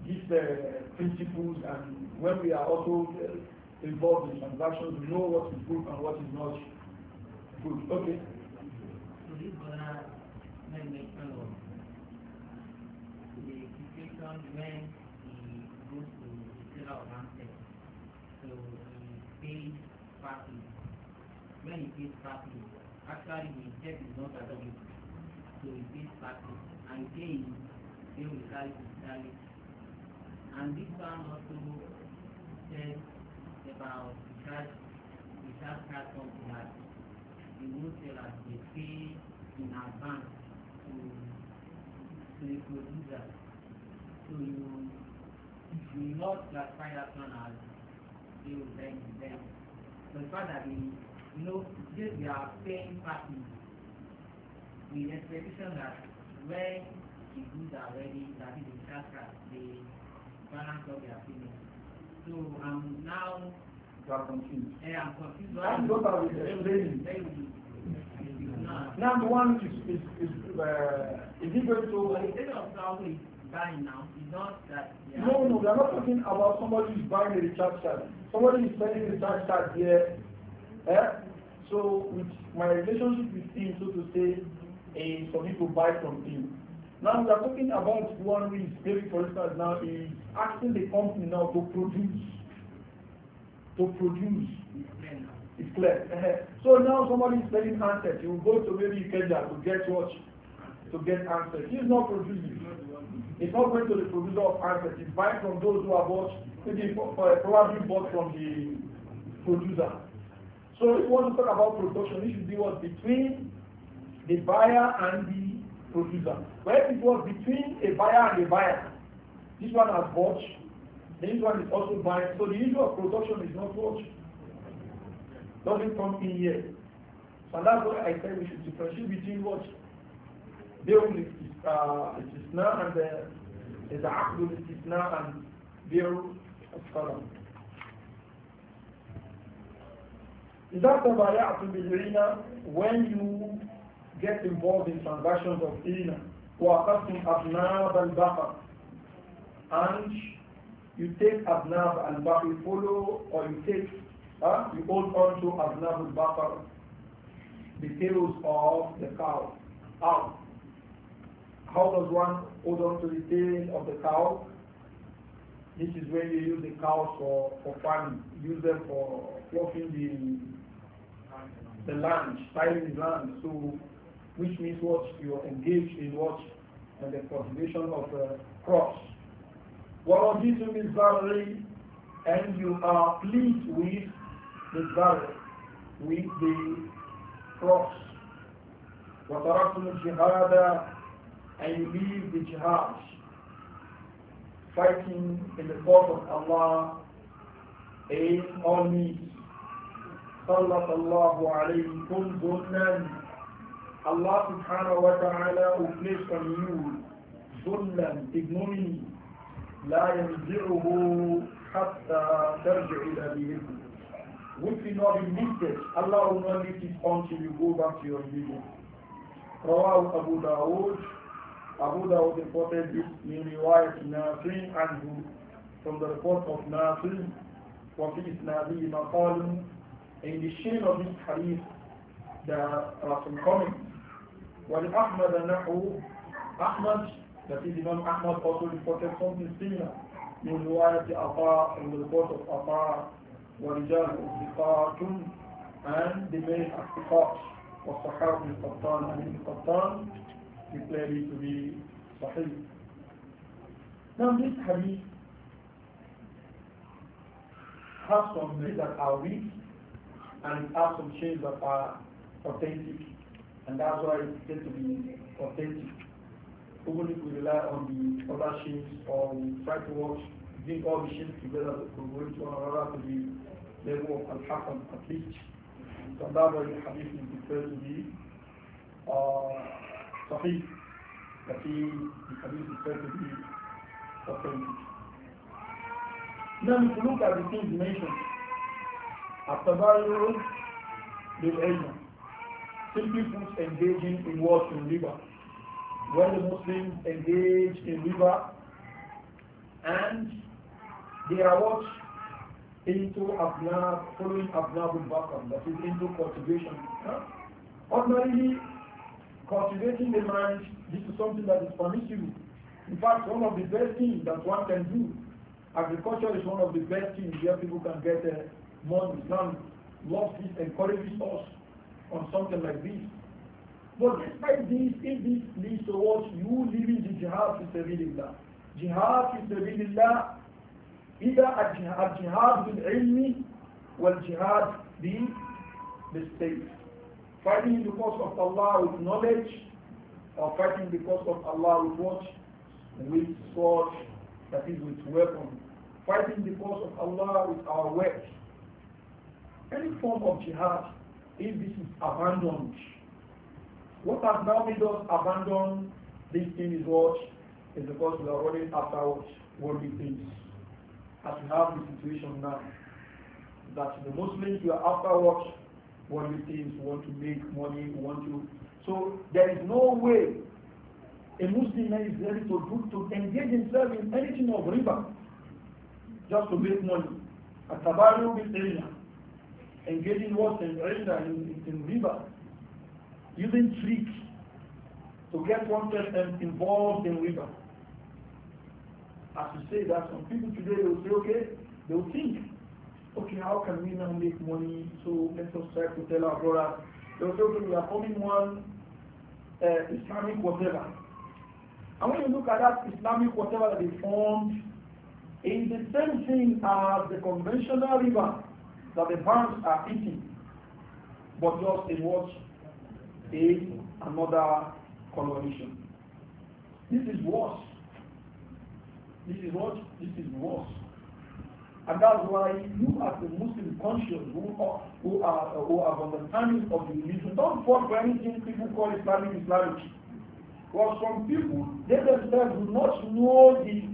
these uh, principles and when we are also uh, involved in transactions, we know what is good and what is not good. Okay mention of the situation when he goes to the seller of So he pays partly. When he pays actually the check is not available. So he pays And then they will And this one also says about the cash, the cash card that the wholesalers they pay in advance So, you not classify that one as, you thank them. But, father, you know, here we are paying party. We have tradition that when the goods are ready, that is the chalcate, they balance out their payment. So, I'm now... You are confused. Yeah, I'm confused. I'm totally confused. Very confused. Now the one is is is, uh, is he going to? But of Saul is buying now. It's not that. Yeah. No, no, we are not talking about somebody who's buying a recharge card. Somebody is selling a recharge card here. Eh? So with my relationship with him, so to say, is eh, for me to buy from him. Now we are talking about one who is maybe for instance now is asking the company now to produce to produce it's clear. Uh-huh. so now somebody is selling handsets. You go to maybe Kenya to get watch, to get handsets. He's not producing. He's not going to the producer of handsets. He's buying from those who have bought, maybe probably bought from the producer. So if you want to talk about production, it should be what between the buyer and the producer. Where it was between a buyer and a buyer, this one has bought, this one is also buying. So the issue of production is not what doesn't come in here. So that's why I said we should differentiate between what? Bill uh, now and the is aqdul istisna and bill al-salam. إذا تبايعت بالعينة when you get involved in transactions of عينة وأخذتم أبناب البقر and you take أبناب البقر you follow or you take Huh? You hold on to Aznabul Bakar, the tails of the cow. How? How does one hold on to the tail of the cow? This is when you use the cows for, for farming. Use them for walking the, the land, tilling the land. So, which means what? You are engaged in what? and the cultivation of the uh, crops. وَرَضِيتُ بِالْزَرْعِ And you are pleased with the barrel with the cross. وتركتم الجهاد and you leave the jihad fighting in the cause of Allah in all needs. صلت الله عليكم ظلما Allah subhanahu wa ta'ala will place on you ظلما ignominy لا ينزعه حتى ترجع إلى دينكم which will not be lifted. Allah will not lift it until you go back to your religion. Rawahu Abu Dawood. Abu Dawood reported this in riwayat Nafi anhu from the report of Nafi وفي إسناده Maqalun. in the chain of this hadith there are some comments Ahmad نحو أحمد that is Imam Ahmad also reported something similar من رواية أطاع from the report of أطاع ورجال أصدقاء and the male أصدقاء والصحاب من قطان and من قطان declared to be صحيح. Now this hadith has some things that are weak and has some things that are authentic and that's why it's said to be authentic. Even if we rely on the other shapes or we try to watch bring all the sheep together We're going to another to the level of Al-Hakam at least. So that way the hadith is referred to the uh, Sahih, that he, the hadith is referred to be authentic. Now if you look at the things mentioned, after التبايع بالعلم simply puts engaging in what in riba. When the Muslims engage in riba and they are what? Into abnab, following abnabul bakam, that is into cultivation. Huh? Ordinarily, cultivating the mind, this is something that is permissible. In fact, one of the best things that one can do, agriculture is one of the best things where people can get uh, land, Islam loves this, encourages us on something like this. But despite this, if this leads towards you living the jihad fi sabilillah, jihad of Allah. إذا الجهاد بالعلم والجهاد بالسيف fighting because of Allah with knowledge or fighting because of Allah with what? With sword, that is with weapon. Fighting because of Allah with our words. Any form of jihad, if this is abandoned, what has now made us abandon this thing is what? Is because we are running after worldly things as we have the situation now, that the Muslims were afterwards want to things, want to make money, want to. So there is no way a Muslim man is ready to do to engage himself in anything of riba just to make money. Atabaru bil ilna, engaging what in ilna in, in riba, using tricks to get oneself involved in riba. As you say that some people today will say, okay, they will think, okay, how can we now make money? So let us try to tell our brothers. They will say, okay, we are forming one uh, Islamic whatever. And when you look at that Islamic whatever that they formed, it is the same thing as the conventional river that the banks are eating, but just in what is another coloration. This is worse this is what? This is worse. And that's why you as a Muslim conscious who are, who are, who have understanding of the religion, don't fall for anything people call Islamic Islamic. Because some people, they themselves do not know the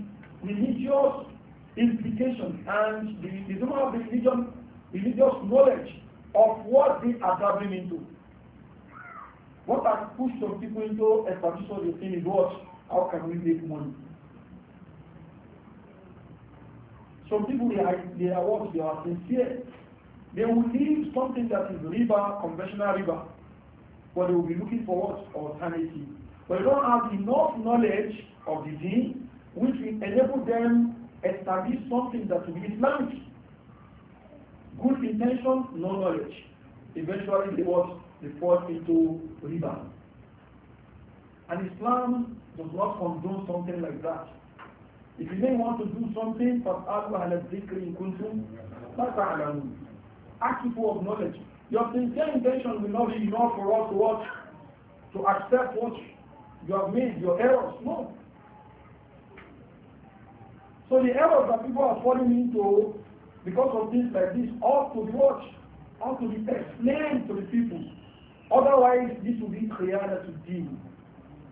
religious implications and the, they don't have the religion, religious knowledge of what they are dabbling into. What has pushed some people into a particular thing is what? How can we make money? Some people, they are, they are what? They are sincere. They will leave something that is river, conventional river, But they will be looking for what? Alternative. But they don't have enough knowledge of the deen which will enable them establish something that will be Islamic. Good intention, no knowledge. Eventually they will they fall into river. And Islam does not condone something like that. If you may want to do something, فَاسْأَلُوا أَهْلَ الذِّكْرِ people of knowledge. Your sincere intention will not be enough for us to watch, to accept what you have made, your errors. No. So the errors that people are falling into because of things like this ought to be watched, ought to be explained to the people. Otherwise, this will be created to deal.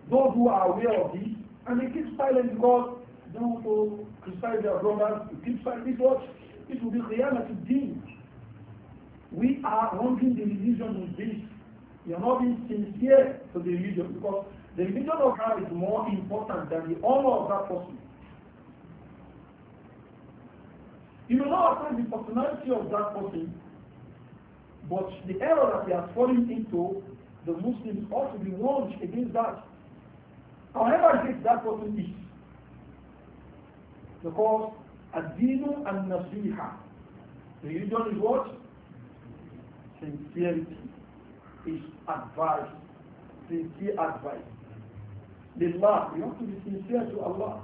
Those who are aware of this, and they keep silent because don't criticize their brothers, criticize this what? It will be reality deen. We are wronging the religion with this. You are not being sincere to the religion because the religion of God is more important than the honor of that person. You will not affect the personality of that person, but the error that he has fallen into, the Muslims ought to be warned against that. However great that person is, because Adinu and Nasiha, religion is what? Sincerity is advice. Sincere advice. law, you have to be sincere to Allah.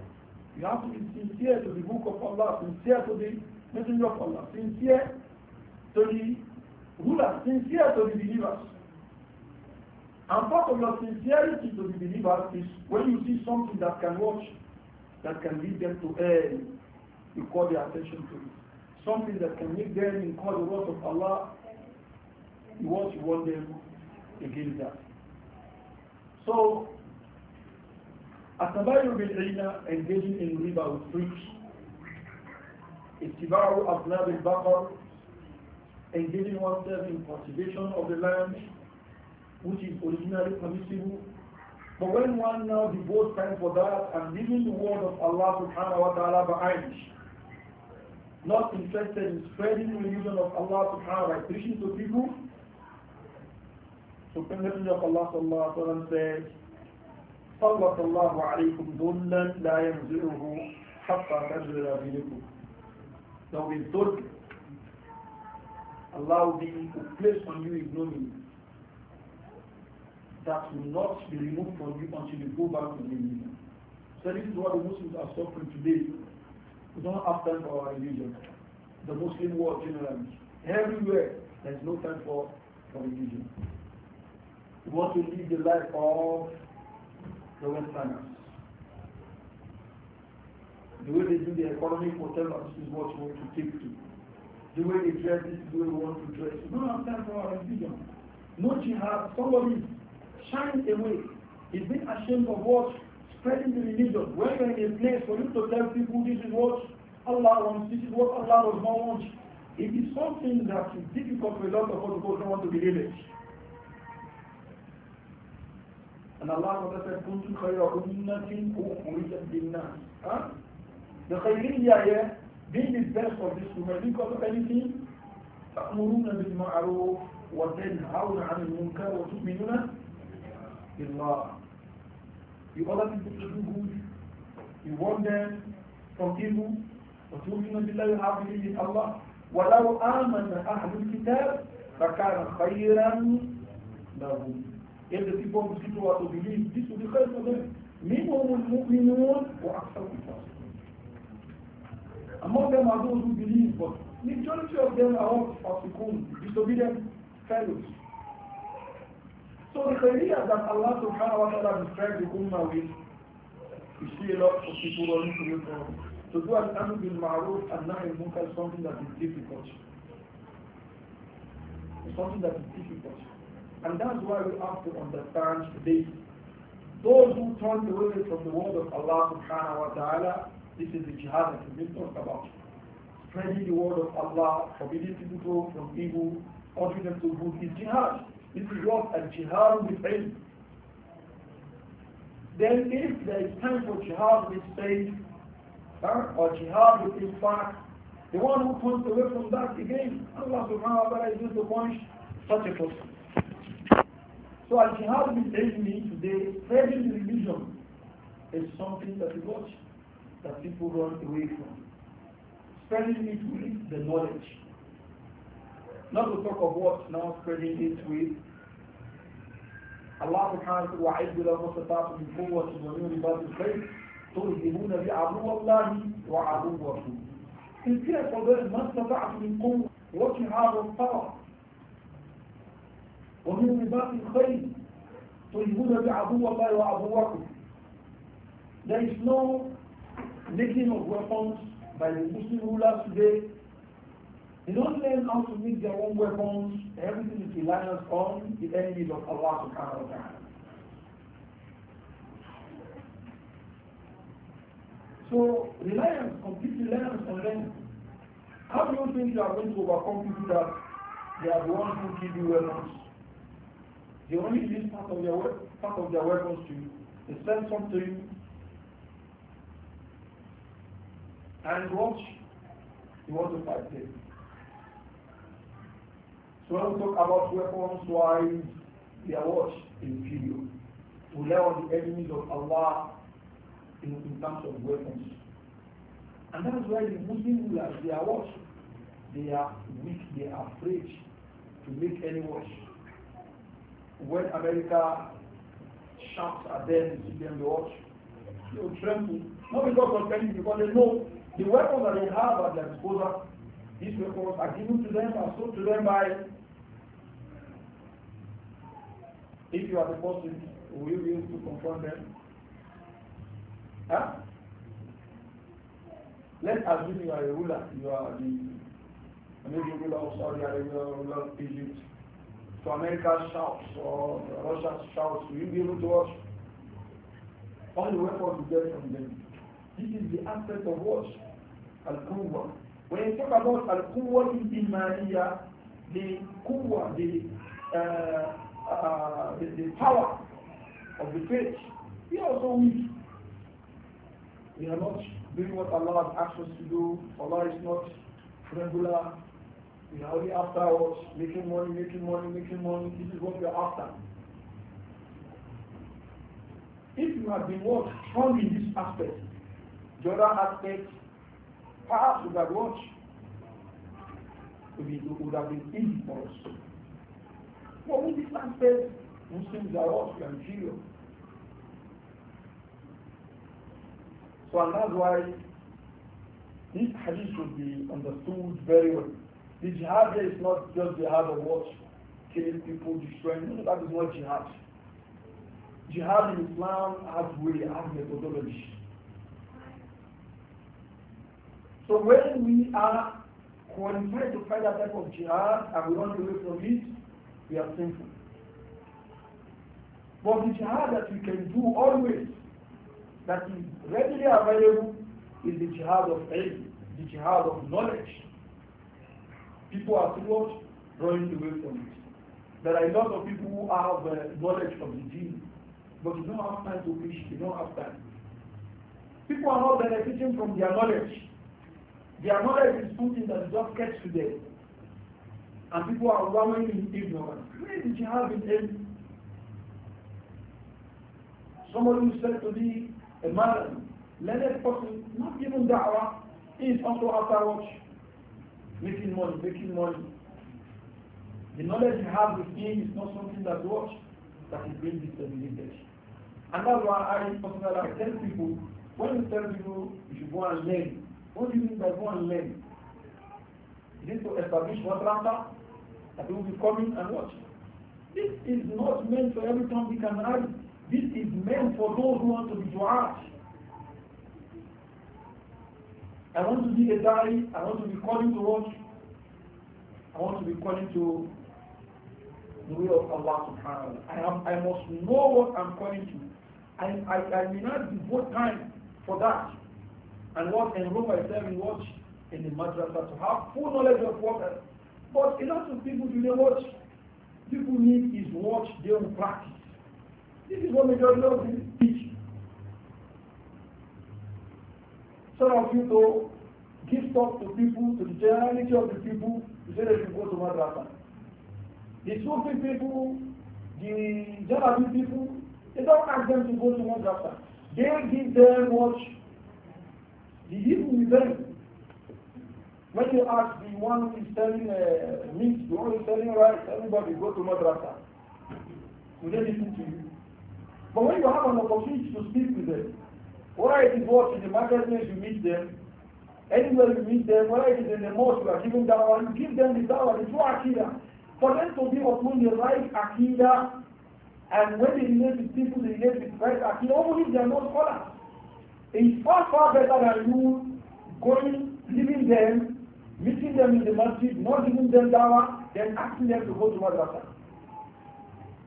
You have to be sincere to the book of Allah, sincere to the messenger of Allah, sincere to the ruler, sincere to the believers. And part of your sincerity to the believers is when you see something that can watch that can lead them to err, you call their attention to it. Something that can make them call the wrath of Allah, you want to warn them against that. So, a bin Ina engaging in riba with rich. Itibaru Ablab al Bakar engaging oneself in cultivation of the land which is originally permissible but when one now devotes time for that and leaving the word of Allah subhanahu wa ta'ala behind, not interested in spreading the religion of Allah subhanahu wa ta'ala preaching to people, so the Messenger of Allah sallallahu alayhi wa sallam said, صلت الله عليكم ذلا لا ينزعه حتى تنزل بينكم. There will be Allah will, be, will place on you ignominy that will not be removed from you until you go back to the religion. So this is what the Muslims are suffering today. We don't have time for our religion. The Muslim world generally. Everywhere there is no time for, for religion. We want to live the life of the Westerners. The way they do the economic hotel, this is what we want to take to. The way they dress, this is the way we want to dress. We don't have time for our religion. No jihad. Somebody shying away. He's been ashamed of what? Spreading the religion. Where you in a place for you to tell people this is what Allah wants, this is what Allah does not want. It is something that is difficult for a lot of us because don't want to believe it. And Allah said, كنتم خير أمة أخرجت للناس. The خيرية here, being the best of this woman, because of anything, تأمرون بالمعروف وتنهون عن المنكر وتؤمنون in love. You order people to do good. You want them from evil. وتؤمن بالله والعبد in Allah. ولو آمن أهل الكتاب فكان خيرا لهم If the people of Israel were to believe, this would be خير for them. منهم المؤمنون وأكثرهم الفاسقون. Among them are those who believe, but majority of them are all فاسقون, disobedient fellows. So the idea that Allah subhanahu wa ta'ala described the Ummah with You see a lot of people running to the To do an amr bil ma'ruf and nahi al munkar is something that is difficult. It's something that is difficult. And that's why we have to understand today. Those who turn away from the word of Allah subhanahu wa ta'ala, this is the jihad that we've talked about. Spreading the word of Allah, forbidding people from evil, ordering them to good is jihad. This is what al-jihad with ilm. Then if there is time for jihad with faith huh, or jihad with impact, the one who comes away from that again, Allah subhanahu wa ta'ala is going to punish such a person. So al-jihad with means today, spreading religion is something that you watch, that people run away from. Spreading it with the knowledge not to talk of what now spreading it with Allah can say, وَعِدُّ لَهُمَا سَتَاتُ To قُوَّةِ وَمِنْ عِبَادِ الْخَيْرِ تُرْهِبُونَ بِعَدُوَّ اللَّهِ وَعَدُوَّكُمْ In fear for those who have not been able what you have of power, وَمِنْ عِبَادِ الْخَيْرِ تُرْهِبُونَ بِعَدُوَّ اللَّهِ وَعَدُوَّكُمْ There is no making of weapons by the Muslim rulers today they don't learn how to make their own weapons. Everything is reliant on the enemies of Allah subhanahu wa ta'ala. So reliance, complete reliance on them. How do you think you are going to overcome people that they are the ones who give you weapons? They only use part of their part of their weapons to you. They send some to you. And watch, you want to fight them. So when we talk about weapons, why they are what? Inferior. To lay on the enemies of Allah in, in terms of weapons. And that is why the Muslim rulers, they are what? They are weak, they are afraid to make any watch. When America shouts at them, see them, they watch, they will tremble. Not because of anything, because they know the weapons that they have at their disposal, these weapons are given to them, are sold to them by If you are the person, will you be able to confront them? Huh? Let's assume you are a ruler, you are the maybe ruler of Saudi Arabia or ruler of Egypt. So America shouts or Russia shouts, will you be able to watch? All the weapons you get from them. This is the aspect of what? Al-Quwa. When you talk about Al-Quwa in Maria, the Quwa, the uh, uh, the, the power of the faith, we are also weak. We are not doing what Allah has asked us to do. Allah is not regular. We are only after us, Making money, making money, making money. This is what we are after. If you have been more Strong in this aspect, the other aspect, perhaps you have watched, would have been easy for us. But when this man says Muslims are all so and that's why this hadith should be understood very well. The jihad is not just jihad of what? Killing people, destroying. that is not jihad. Jihad in Islam has way, has methodology. So when we are qualified to fight that type of jihad and we want to away from it, we are sinful. But the jihad that we can do always, that is readily available, is the jihad of faith, the jihad of knowledge. People are much running away from it. There are a lot of people who have uh, knowledge of the deen, but they don't have time to preach, they don't have time. People are not benefiting from their knowledge. Their knowledge is something that just gets today. and people are wallowing in ignorance. Where did you have it in? Somebody who said to me, a man, let that person not given da'wah, he is also after watch, making money, making money. The knowledge you have with him is not something that watch, that is being disseminated. And that's why I personally I tell people, when you tell people you should go and learn, what do you mean by go and learn? This to establish what rata that will be coming and watch. This is not meant for every time we can rally. This is meant for those who want to be du'at. I want to be a diary. I want to be calling to watch. I want to be calling to the will of Allah subhanahu wa ta'ala. I, I must know what I'm calling to. I, I, I may not devote time for that and what enroll myself in watch in the madrasa to have full knowledge of what. But a lot of people do you not know watch. People need is watch, they don't practice. This is what majority of people teach. Some of you though give talk to people, to the generality of the people, to say they should go to madrasa. The Sufi people, the Jalabi people, they don't ask them to go to madrasa. They give them watch. the give with them when you ask uh, the one who is selling uh, meat, the one who is selling rice, everybody go to madrasa. Will they listen to you? But when you have an opportunity to speak with them, whether it is what in the marketplace you meet them, anywhere you meet them, whether it is in the mosque you are giving dawah, you give them the dawah, the true akida. For them to be upon the right akida, and when they relate with people, they relate with right akida, even if they are not scholars. It is far, far better than you going, leaving them, meeting them in the masjid, not giving them dawah, then asking them to go to madrasa.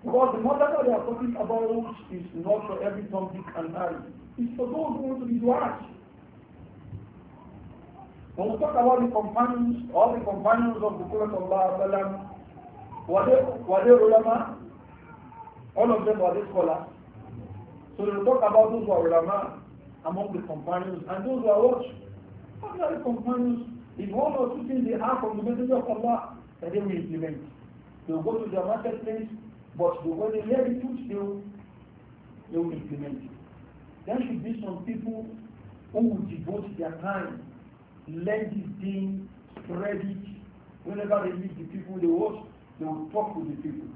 Because the madrasa they are talking about is not for every Tom, Dick, and Harry. It's for those who want to be wise. When we talk about the companions, all the companions of the Prophet Allah, were they, were they ulama? All of them were they scholars. So we talk about those who are ulama among the companions and those who are what? the companions if one or two things they have from the Messenger of Allah, that they will implement. They'll go to their marketplace, but the they hear it, truth, they will, they will implement it. There should be some people who will devote their time, learn this thing, spread it. Whenever they meet the people they watch, they will talk with the people.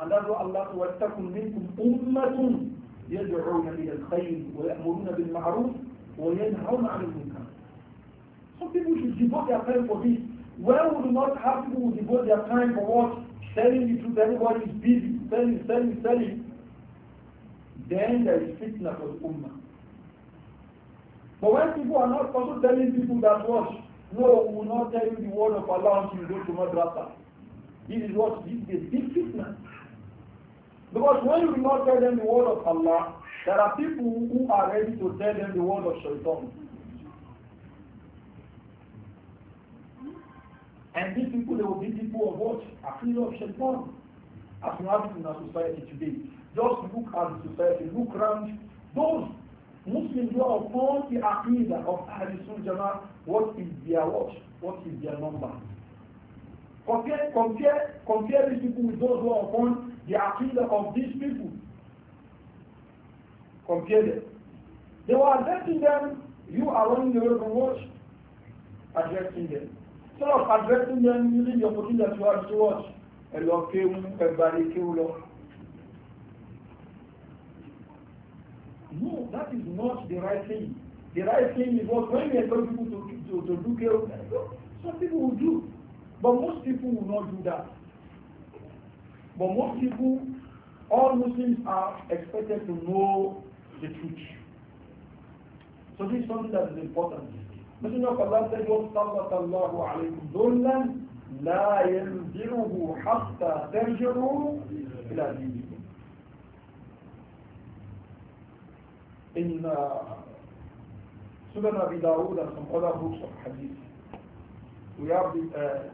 And that's what Allah وَاتَّقُوا مِنْكُمْ أُمَّةٌ يَدْعُونَ إِلَى الْخَيْرِ وَيَأْمُرُونَ بِالْمَعْرُوفِ وَيَنْهَوْنَ عَنِ الْمُنكَرِ some people should devote their time for this. Where would not have people who devote their time for what? Telling the truth, everybody is busy, selling, selling, selling. Then there is fitna for the ummah. But when people are not also telling people that what? No, we will not tell you the word of Allah until you go to Madrasa. This is what this is a big fitna. Because when you will not tell them the word of Allah, there are people who are ready to tell them the word of Shaitan. And these people, they will be people of what? Akil of Shaitan. As we have it in our society today. Just look at the society, look around. Those Muslims who are upon the Aqidah of Ahlul Jama'ah, what is their what? What is their number? Compare, compare, compare these people with those who are upon the Aqidah of these people. Compare them. They were addressing them, you are running away from what? Addressing them. sort of addressing them using the opportunity that you have to watch ẹ lọ kéwú ẹgbàre kéwú lọ. No, that is not the right thing. The right thing is what when we encourage people to, to, to do kéwú, some people will do, but most people will not do that. But most people, all Muslims are expected to know the truth. So this is something that is important. مثل ما قال الله تعالى الله عليكم ذلا لا ينزله حتى ترجعوا الى دينكم ان سنن ابي داود الخمقلة بوكس الحديث ويعبد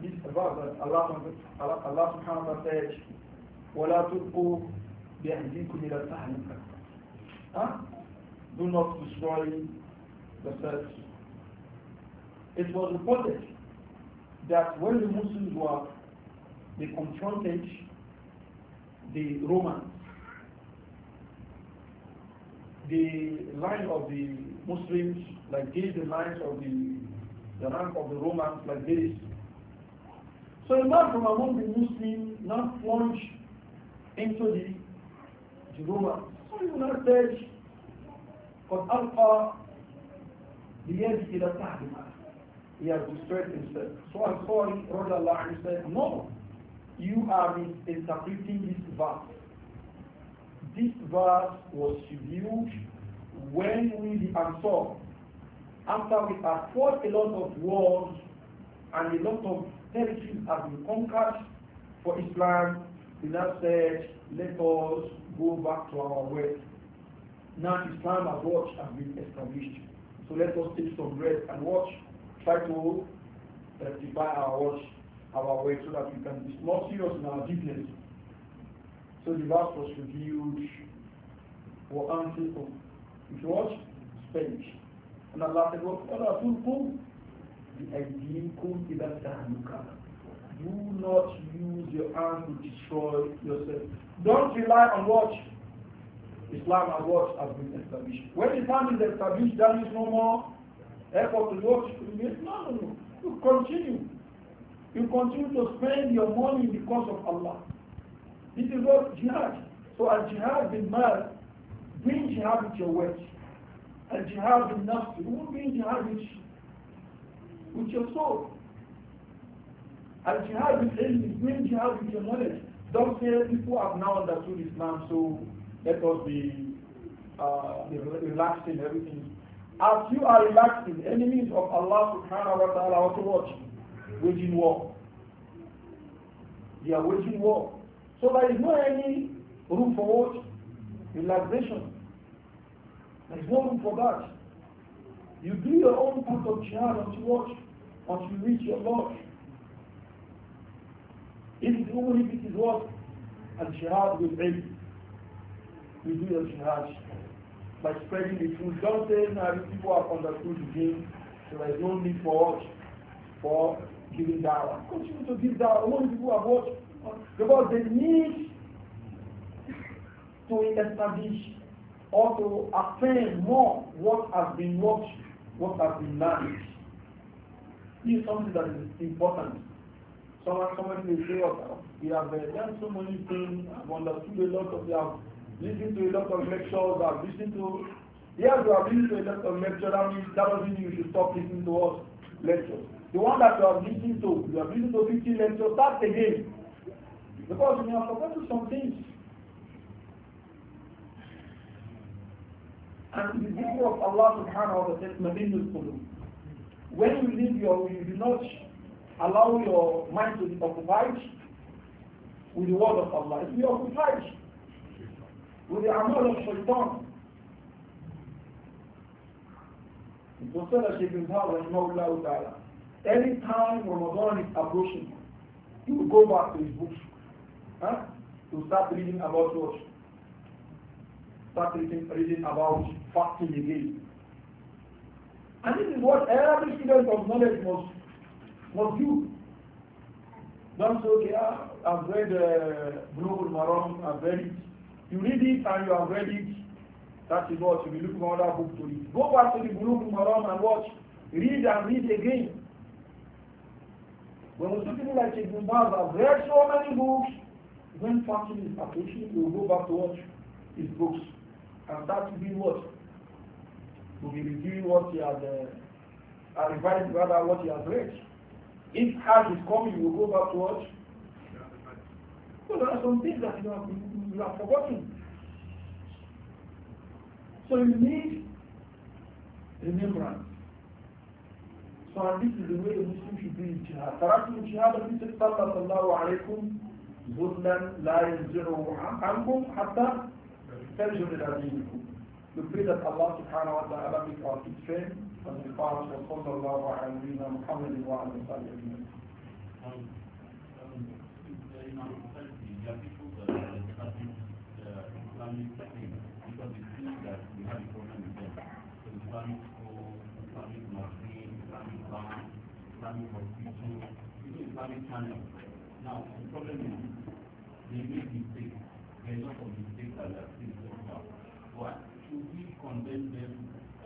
بيت الله الله سبحانه وتعالى ولا تبقوا بأيديكم الى سهل الكفر Do not destroy the first It was reported that when the Muslims were, they confronted the Romans, the line of the Muslims, like this, the lines of the, the rank of the Romans, like this. So a man from among the Muslims now plunged into the, the Romans. So he now said, the ألقى بيده إلى the المال he has destroyed himself. So I'm sorry, Allah. and said, no, you are misinterpreting this verse. This verse was revealed when we, the Ansar, after we had fought a lot of wars and a lot of territories have been conquered for Islam, we now said, let us go back to our way. Now Islam has watched and been established. So let us take some rest and watch try to rectify our watch, our way so that we can be more serious in our business. So the verse was reviewed for unfaithful. If you watch, Spanish, And Allah said, وَقَرَفُكُمْ بِأَيْدِيكُمْ إِذَا تَعْنُكَ Do not use your hand to destroy yourself. Don't rely on what Islam has what have been established. When Islam is established, there is no more effort to Lord, to be no, no, no. You continue. You continue to spend your money because of Allah. This is what jihad. So as jihad bin mal, bring jihad with your wealth. Al jihad bin nafs, you won't bring jihad with, with your soul. As jihad bin ilm, bring jihad with your knowledge. Don't say people have now understood Islam, so let us be uh, and everything as you are relaxing, enemies of Allah subhanahu wa ta'ala are watching, waging war. They are waging war. So there is no any room for what? Relaxation. There is no room for that. You do your own part of jihad to watch, Until you reach your Lord. If only if it is what? Al-jihad will aid. You do your jihad by spreading the truth. Don't say now people have understood the game, so there's no need for us for giving dawah. Continue to give dawah. Only people have watched Because they need to establish or to affirm more what has been watched, what has been learned. This is something that is important. Someone, somebody will say, oh, we have uh, done so many things, I've understood a lot of, we listen to a lot of lectures, I've listened to, yes, you have listened to a lot of lectures, that means that doesn't mean you should stop listening to us lectures. The one that you have listened to, you have listened to 15 lectures, start again. Because you may have forgotten some things. And the view of Allah subhanahu wa ta'ala Madinul Qulub. When you leave your, you do not allow your mind to be occupied with the word of Allah. It will be occupied with the amal of shaitan. It was said that Shaykh bin Ta'ala, any time Ramadan is approaching, he will go back to his books huh? to start reading about what? Start reading, reading about fasting again. And this is what every student of knowledge must, must do. Don't say, okay, I've read uh, Blue Maram, I've read it. You read it and you have read it. That is what you'll be looking for that book to read. Go back to the Bulugh Maram and watch. Read and read again. When we see people like Ibn Baz have read so many books, when fasting is approaching, we will go back to watch his books. And that will be what? We'll be reviewing what he has, uh, and rather what he has read. If Hajj is coming, we'll go back to watch. Well, there are some things that you have been you have forgotten. So you need remembrance. So this is the way the Muslim should be in jihad. تركتم الجهاد الذي سلط الله عليكم ذلا لا ينزعه عنكم حتى ترجعوا إلى دينكم. We pray that Allah subhanahu wa ta'ala make our feet firm and the Prophet صلى الله على نبينا محمد وعلى آله Islamic state because that we have a problem with them. So Islamic school, Islamic Islamic bank, Islamic hospital, even Islamic channel. Now, the problem is they make mistakes. There are of mistakes that they are still talking about. But should we condemn them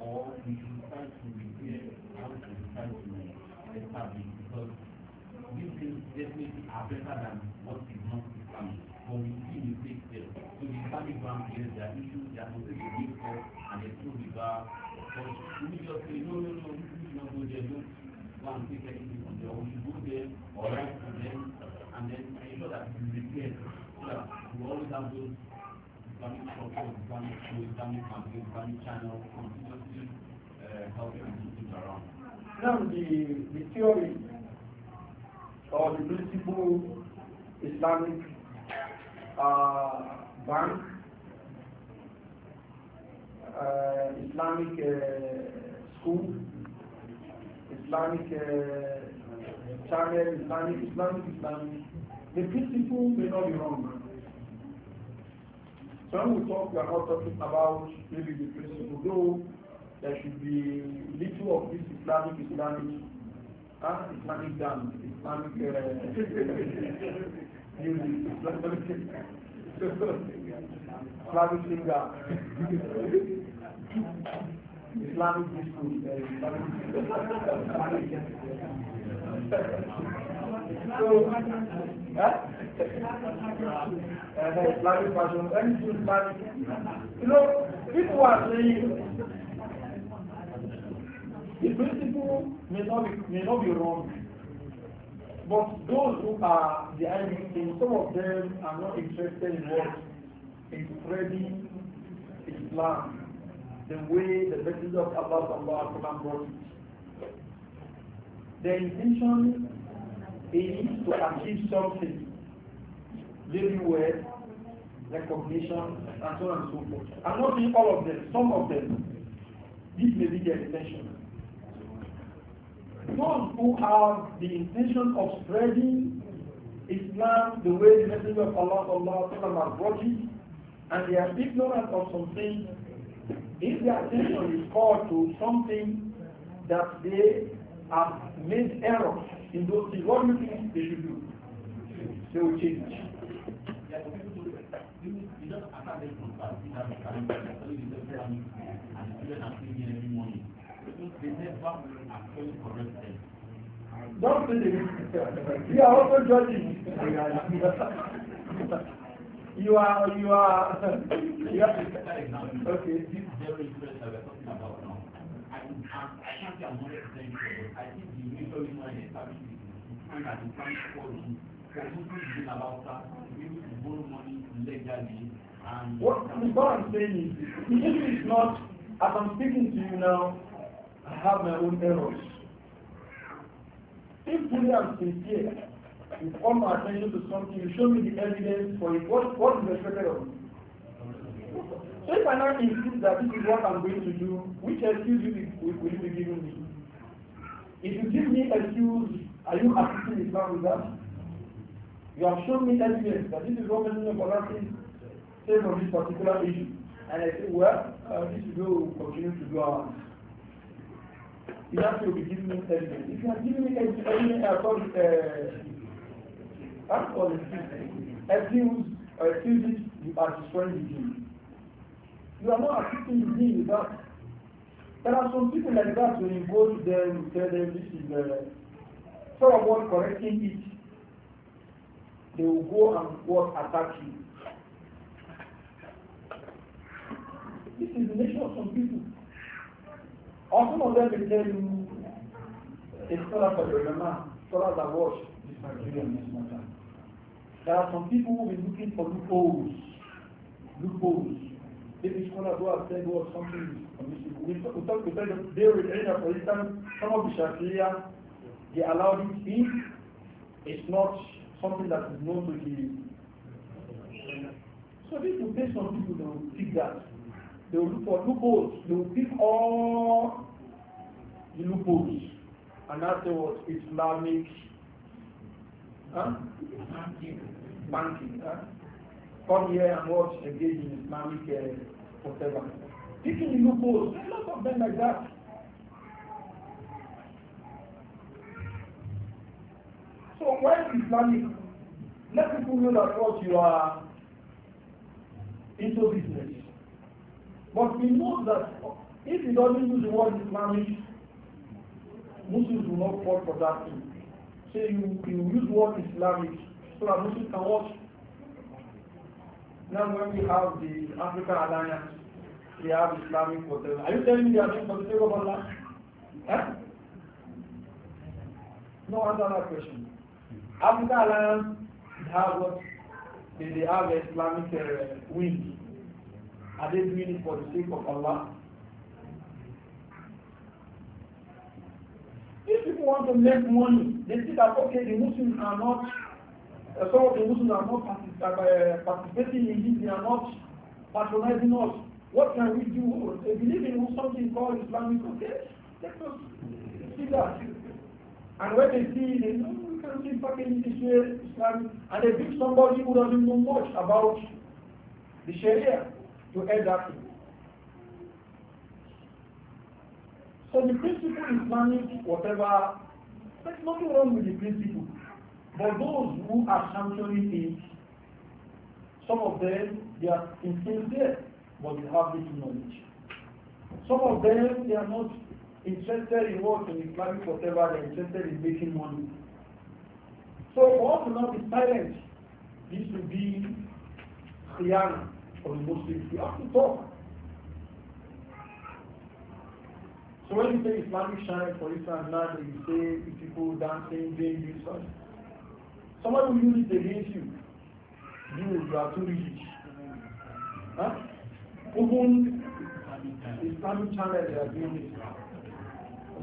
or we through Islamic campaign, Islamic channel, continuously uh, helping and keeping around? Now, the, the theory or the principle Islamic uh, bank, uh, Islamic uh, school, Islamic uh, channel, Islamic, Islamic, Islamic. The principle may not be wrong. So when we talk, we are not talking about maybe the principle, though there should be little of this Islamic, Islamic, uh, Islamic dance, Islamic uh, (laughs) music, Islamic singer. Islamic discourse, uh, Islamic, Islamic (laughs) So, huh? uh, Islamic fashion, You know, people are saying the principle may not be, may not be wrong. But those who are behind these things, some of them are not interested in what is spreading Islam the way the message of Allah brought it. Their intention aim to achieve something, living well, recognition, and so on and so forth. I'm not saying all of them, some of them. This may be their intention. Those who have the intention of spreading Islam the way the Messenger of Allah, Allah has brought it, and they are ignorant of something, if their attention is called to something that they have made errors in those things, what do you think they should do? They will change. Don't say they You are also judging. you are, you are, you are. Okay. This is very interest that we're talking about. I I'm 100% the major what, what I'm saying is, if it's not, as I'm speaking to you now, I have my own errors. If really I'm sincere, you call my attention to something, you show me the evidence for it, what, what is expected of me? If I now insist that this is what I'm going to do, which excuse will, will you be giving me? If you give me excuse, are you assisting Islam with that? You have shown me evidence that this is what Messenger of Allah on this particular issue. And I say, well, uh, this is what we continue to do our You have to be giving me evidence. If you are giving me evidence, I call it, uh, that's uh, excuse. Excuse, uh, excuse it, you are destroying the you are not accepting his deed with that. There are some people like that when you go to them, you tell them this is the uh, sort of what correcting it, they will go and what attack you. This is the nature of some people. Or some of them will tell you, it's not for your man, scholars are watch this Nigerian this matter. There are some people who will be looking for loopholes. Loopholes if the scholars who have said was something without to tell them, they will end up, for instance, some of the Shafi'iyah, they allowed it in, it's not something that is known to the... So this will make some people that will pick that. They will look for loopholes. They will pick all the loopholes. And afterwards, Islamic huh? banking. Huh? Come here and watch again in Islamic uh, whatever. Picking the loopholes, there are of them like that. So why Islamic? Let people know that what you are into business. But we know that if you do not use the word Islamic, Muslims will not fall for that thing. So you, you use word Islamic so that Muslims can watch. Now when we have the African Alliance, they have Islamic hotels. Are you telling me they are doing for the sake of Allah? Huh? No answer that question. Africa Alliance have what? They, they have Islamic uh, wing. Are they doing it for the sake of Allah? If people want to make money, they see that okay, the Muslims are not, uh, some of the Muslims are not partic- uh, participating in this, they are not patronizing us. What can we do? They believe in something called Islamic, okay? Let us see that. And when they see, they know oh, we can see fucking this way, Islam. And they pick somebody who doesn't know much about the Sharia to add that in. So the principle Islamic, whatever, there's nothing wrong with the principle. But those who are sanctioning it, some of them, they are insincere but you have this knowledge. Some of them, they are not interested in working in Islamic whatever, they're interested in making money. So for us to not be silent, this will be khiyana for the Muslims. We have to talk. So when you say Islamic Sharia, for instance, now that you say people dancing, dancing, this, someone will use it against you. You, you are too rich. Huh? Even Islamic they are doing now.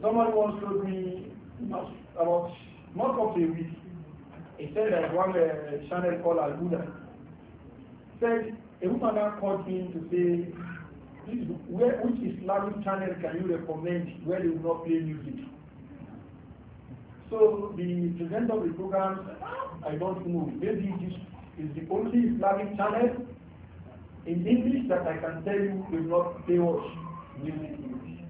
Someone once told me about most of the week, he said that one uh, channel called Al said a woman now called him to say, Please, where, which Islamic channel can you recommend where they will not play music? So the presenter of the program, ah, I don't know, maybe this is the only Islamic channel in English that I can tell you will not pay us music. English.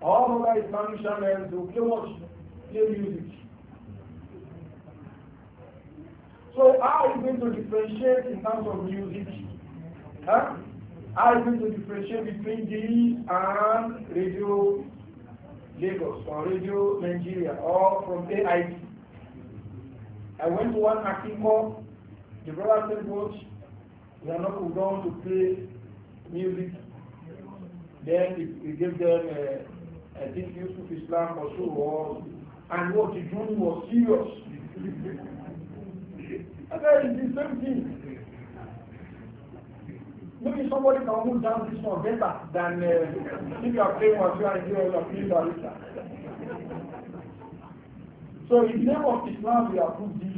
All other Islamic channels will play music. So how are you going to differentiate in terms of music? Huh? How are you going to differentiate between the and radio Lagos or radio Nigeria or from AIT? I went to one article The brother said, What? We are not going to play music. Then he, he gave them, a I think, Yusuf Islam or so. Or, and what the drew was serious. and (laughs) then it's the same thing. Maybe somebody can hold down this one better than uh, if you are playing what you are doing, you are playing barista. So in the name of Islam, we are approve this.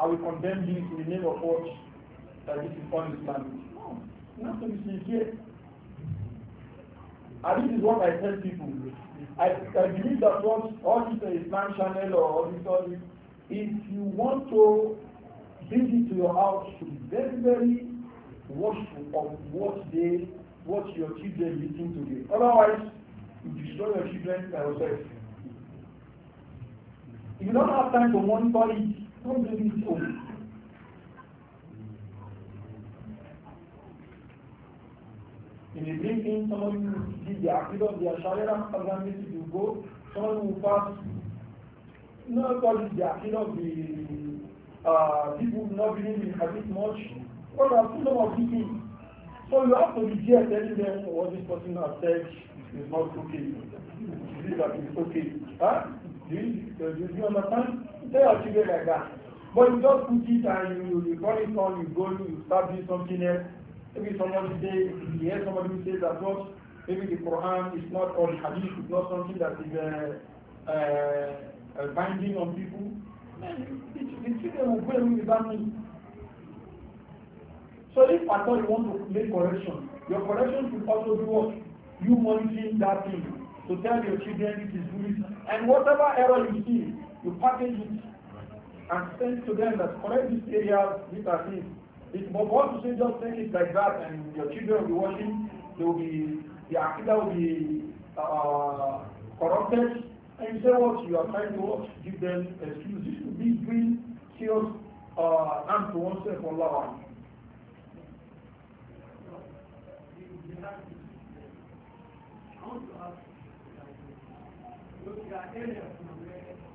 I will condemn you in the name of God That this is un-Islamic. No, not to be sincere. And this is what I tell people. I, I believe that what all this Islam channel or all this, all this, if you want to bring it to your house, should be very, very watchful of what they, what your children listen to today. Otherwise, you destroy your children by yourself. If you don't have time to monitor it, Don't do this to me. If you bring in someone who gives the Akidah of the Ashariah, for example, you go, someone who fasts, not because the Akidah of the uh, people not believe in Hadith much, but there are freedom of eating. So you have to be there telling them what this person has said is not okay. You that is okay. Huh? Do you, do you understand? Say or children like that. But you just put it and you, you call it on, you go, you start doing something else. Maybe somebody say, you hear somebody who says that what, maybe the Quran is not, or the Hadith is not something that is uh, uh, uh, binding on people. Man, the, children will go away without me. So if at all you want to make correction, your correction should also be what? You monitoring that thing. So tell your children it is good. And whatever error you see, you package it and send to them that collect this area, this are things. It's more what to say just send it like that and your children will be watching, they will be, the akida will be uh, corrupted. And you say what you are trying to watch, give them excuses. This will be bring serious uh, harm to oneself or Allah. I want to ask, look at areas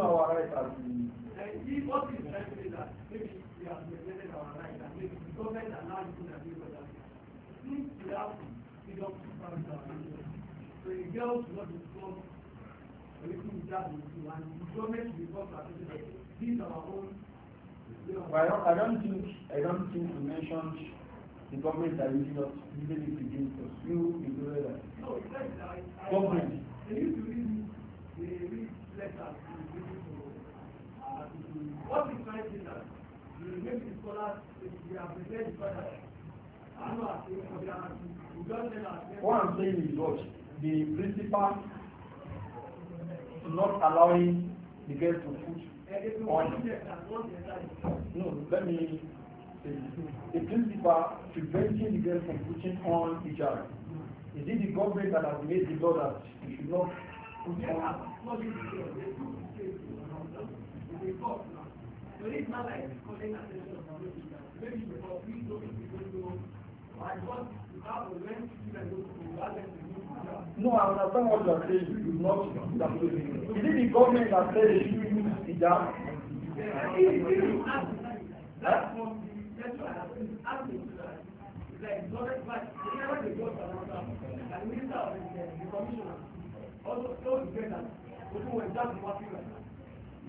own our right as that maybe we have our and maybe the government that have so and these are our own. I don't, I don't think I don't think you mentioned the government are using using it against us. You that. No, it's like that. Government. They used to What is my business? You make the scholars, you have prepared the father. What I'm saying is what the principal is not allowing the girl to put on. No, let me say the principal preventing the girl from putting on hijab. Is it the government that has made the law that you should not put on? no, I understand what you are saying. You do not Is it the government that said they should use That's from the central also told them that people were just working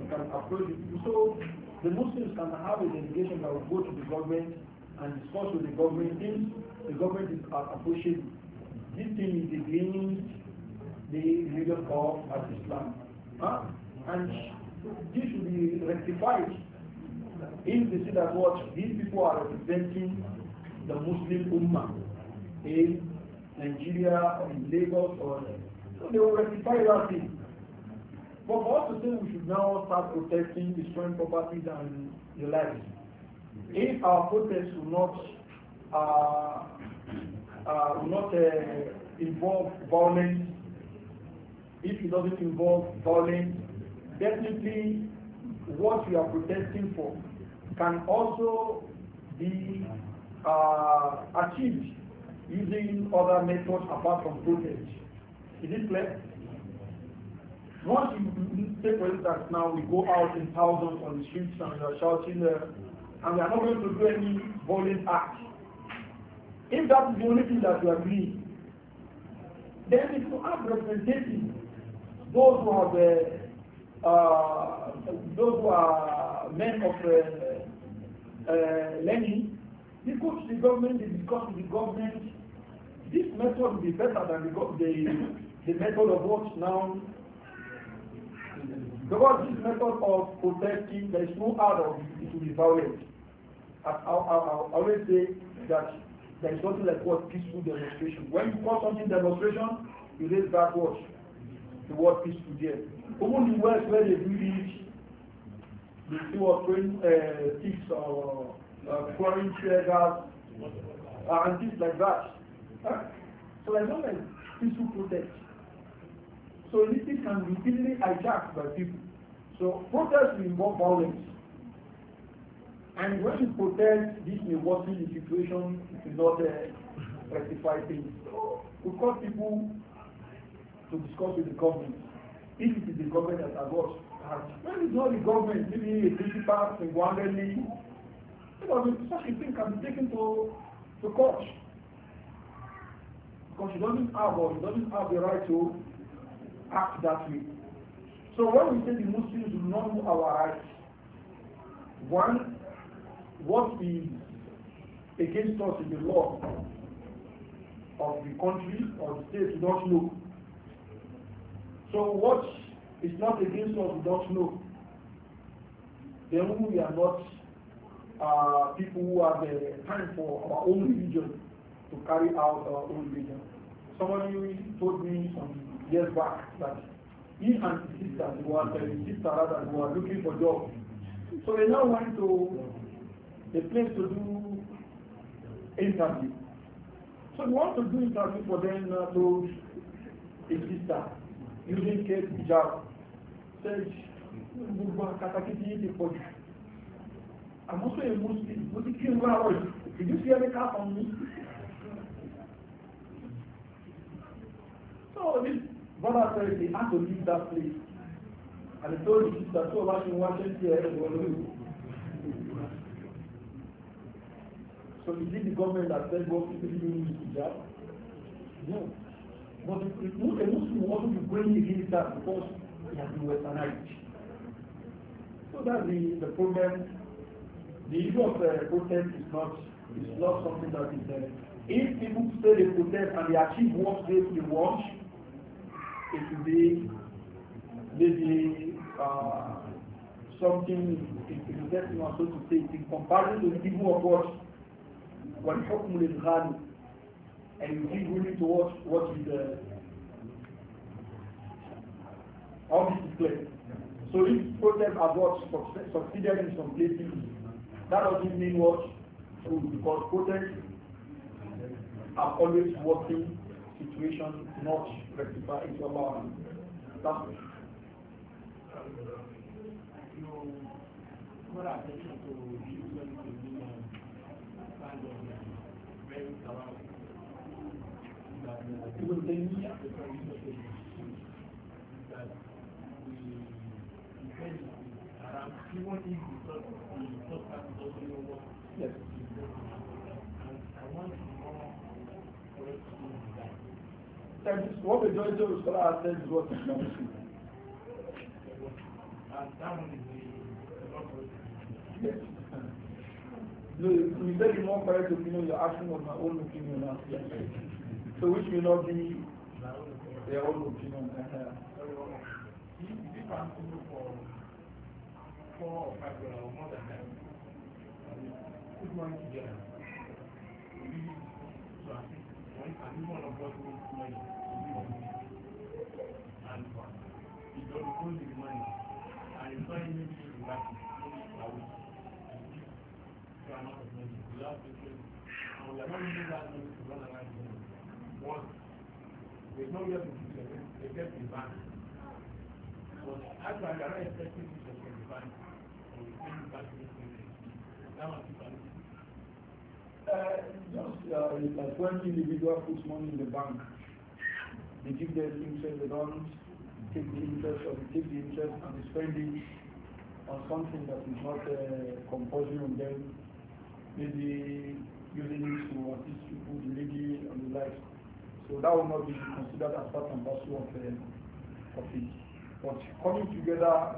you can approach So the Muslims can have a delegation that will go to the government and discuss with the government things the government is approaching. This thing is against the religion of Islam. Huh? And this should be rectified if they see that what these people are representing the Muslim Ummah in Nigeria or in Lagos or so they will rectify that thing. But for us to say we should now start protesting, destroying properties and the like, if our protests will not uh, uh, will not uh, involve violence, if it doesn't involve violence, definitely what we are protesting for can also be uh, achieved using other methods apart from protest. Is it clear? Once you take that, now we go out in thousands on the streets and we are shouting and we are not going to do any violent act. If that is the only thing that you agree, then if you have representatives, those who are the, uh, those who are men of uh, uh, learning, they go to the government, they discuss with the government. This method will be better than the, the, the method of what now because this method of protesting, there is no other, it will be violent. I, I, I, I always say that there is nothing like what peaceful demonstration. When you call something demonstration, you raise that word, the word peaceful there. Even in West where they do it, they still offering uh, sticks or uh, quarrying uh, tear gas uh, and things like that. (laughs) So I know like peaceful protest. So little can be easily hijacked by people. So protest will involve violence. And when you protest, this may worsen the situation if you not uh, things. So we call people to discuss with the government. If it is the government that has what When it's not the government, maybe a principal, a wanderly, because such a thing can be taken to, to court. Because she doesn't have or she doesn't have the right to act that way. So when we say the Muslims do not know our rights, one, what is against us in the law of the country or the state we don't know. So what is not against us we don't know. Then we are not uh, people who have the uh, time for our own religion to carry out our own religion. Somebody told me some years back that he and his sister, they were, uh, his sister rather, they were looking for jobs. So they now went to a place to do interview. So we want to do interview for them uh, to his sister using case hijab. Says, gbogbo katakiti yìí ti pọ̀ jù. I'm also a Muslim. Mo ti kí n Did you see any car from me? So this brother said they had to leave that place. And he told the sister, so about in Washington. here, So is it the government that said, what people you use hijab? No. But if a Muslim wants to bring against that because he has been westernized. So that's the, the problem. The issue of uh, protest is not, is not something that is there. Uh, if people say they protest and they achieve what they want, it could be maybe uh, something infinitesimal, so to say, in comparison to the people of what والحكم للغالب and you give to watch what is the uh, all this is clear. So if protests are what succeeded in some places, that doesn't mean what good because protests are always working situations not rectify inshallah and establish. It was the need of the that we around even if the third party doesn't know what what majority of scholars is what is not true. Yes. No, you the more correct opinion, you're asking of my own opinion now. Yes. So which may not be their own opinion. Uh-huh. There's you way to get the bank. But actually, I don't expect people to get the bank. That was just uh, uh, like when individual puts money in the bank, they give their interest, they don't take the interest or they take the interest and they spend it on something that is not uh, on them, maybe using it to assist people, the lady and the like. So that will not be considered as part and parcel of, uh, of it. But coming together,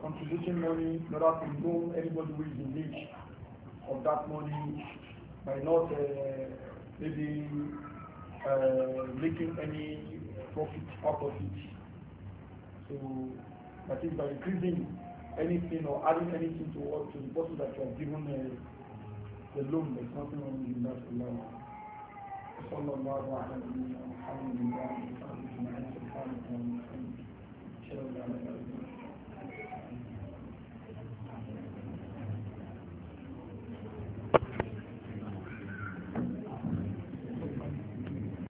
contributing money, not order to anybody who is in need of that money by not uh, maybe uh, making any profit out of it. So that is by increasing anything or adding anything to what to the person that you have given uh, the loan. There's nothing wrong with that صلى الله على نبينا محمد وعلى اله وصحبه اجمعين سبحانك اللهم وبحمدك اشهد ان لا اله الا انت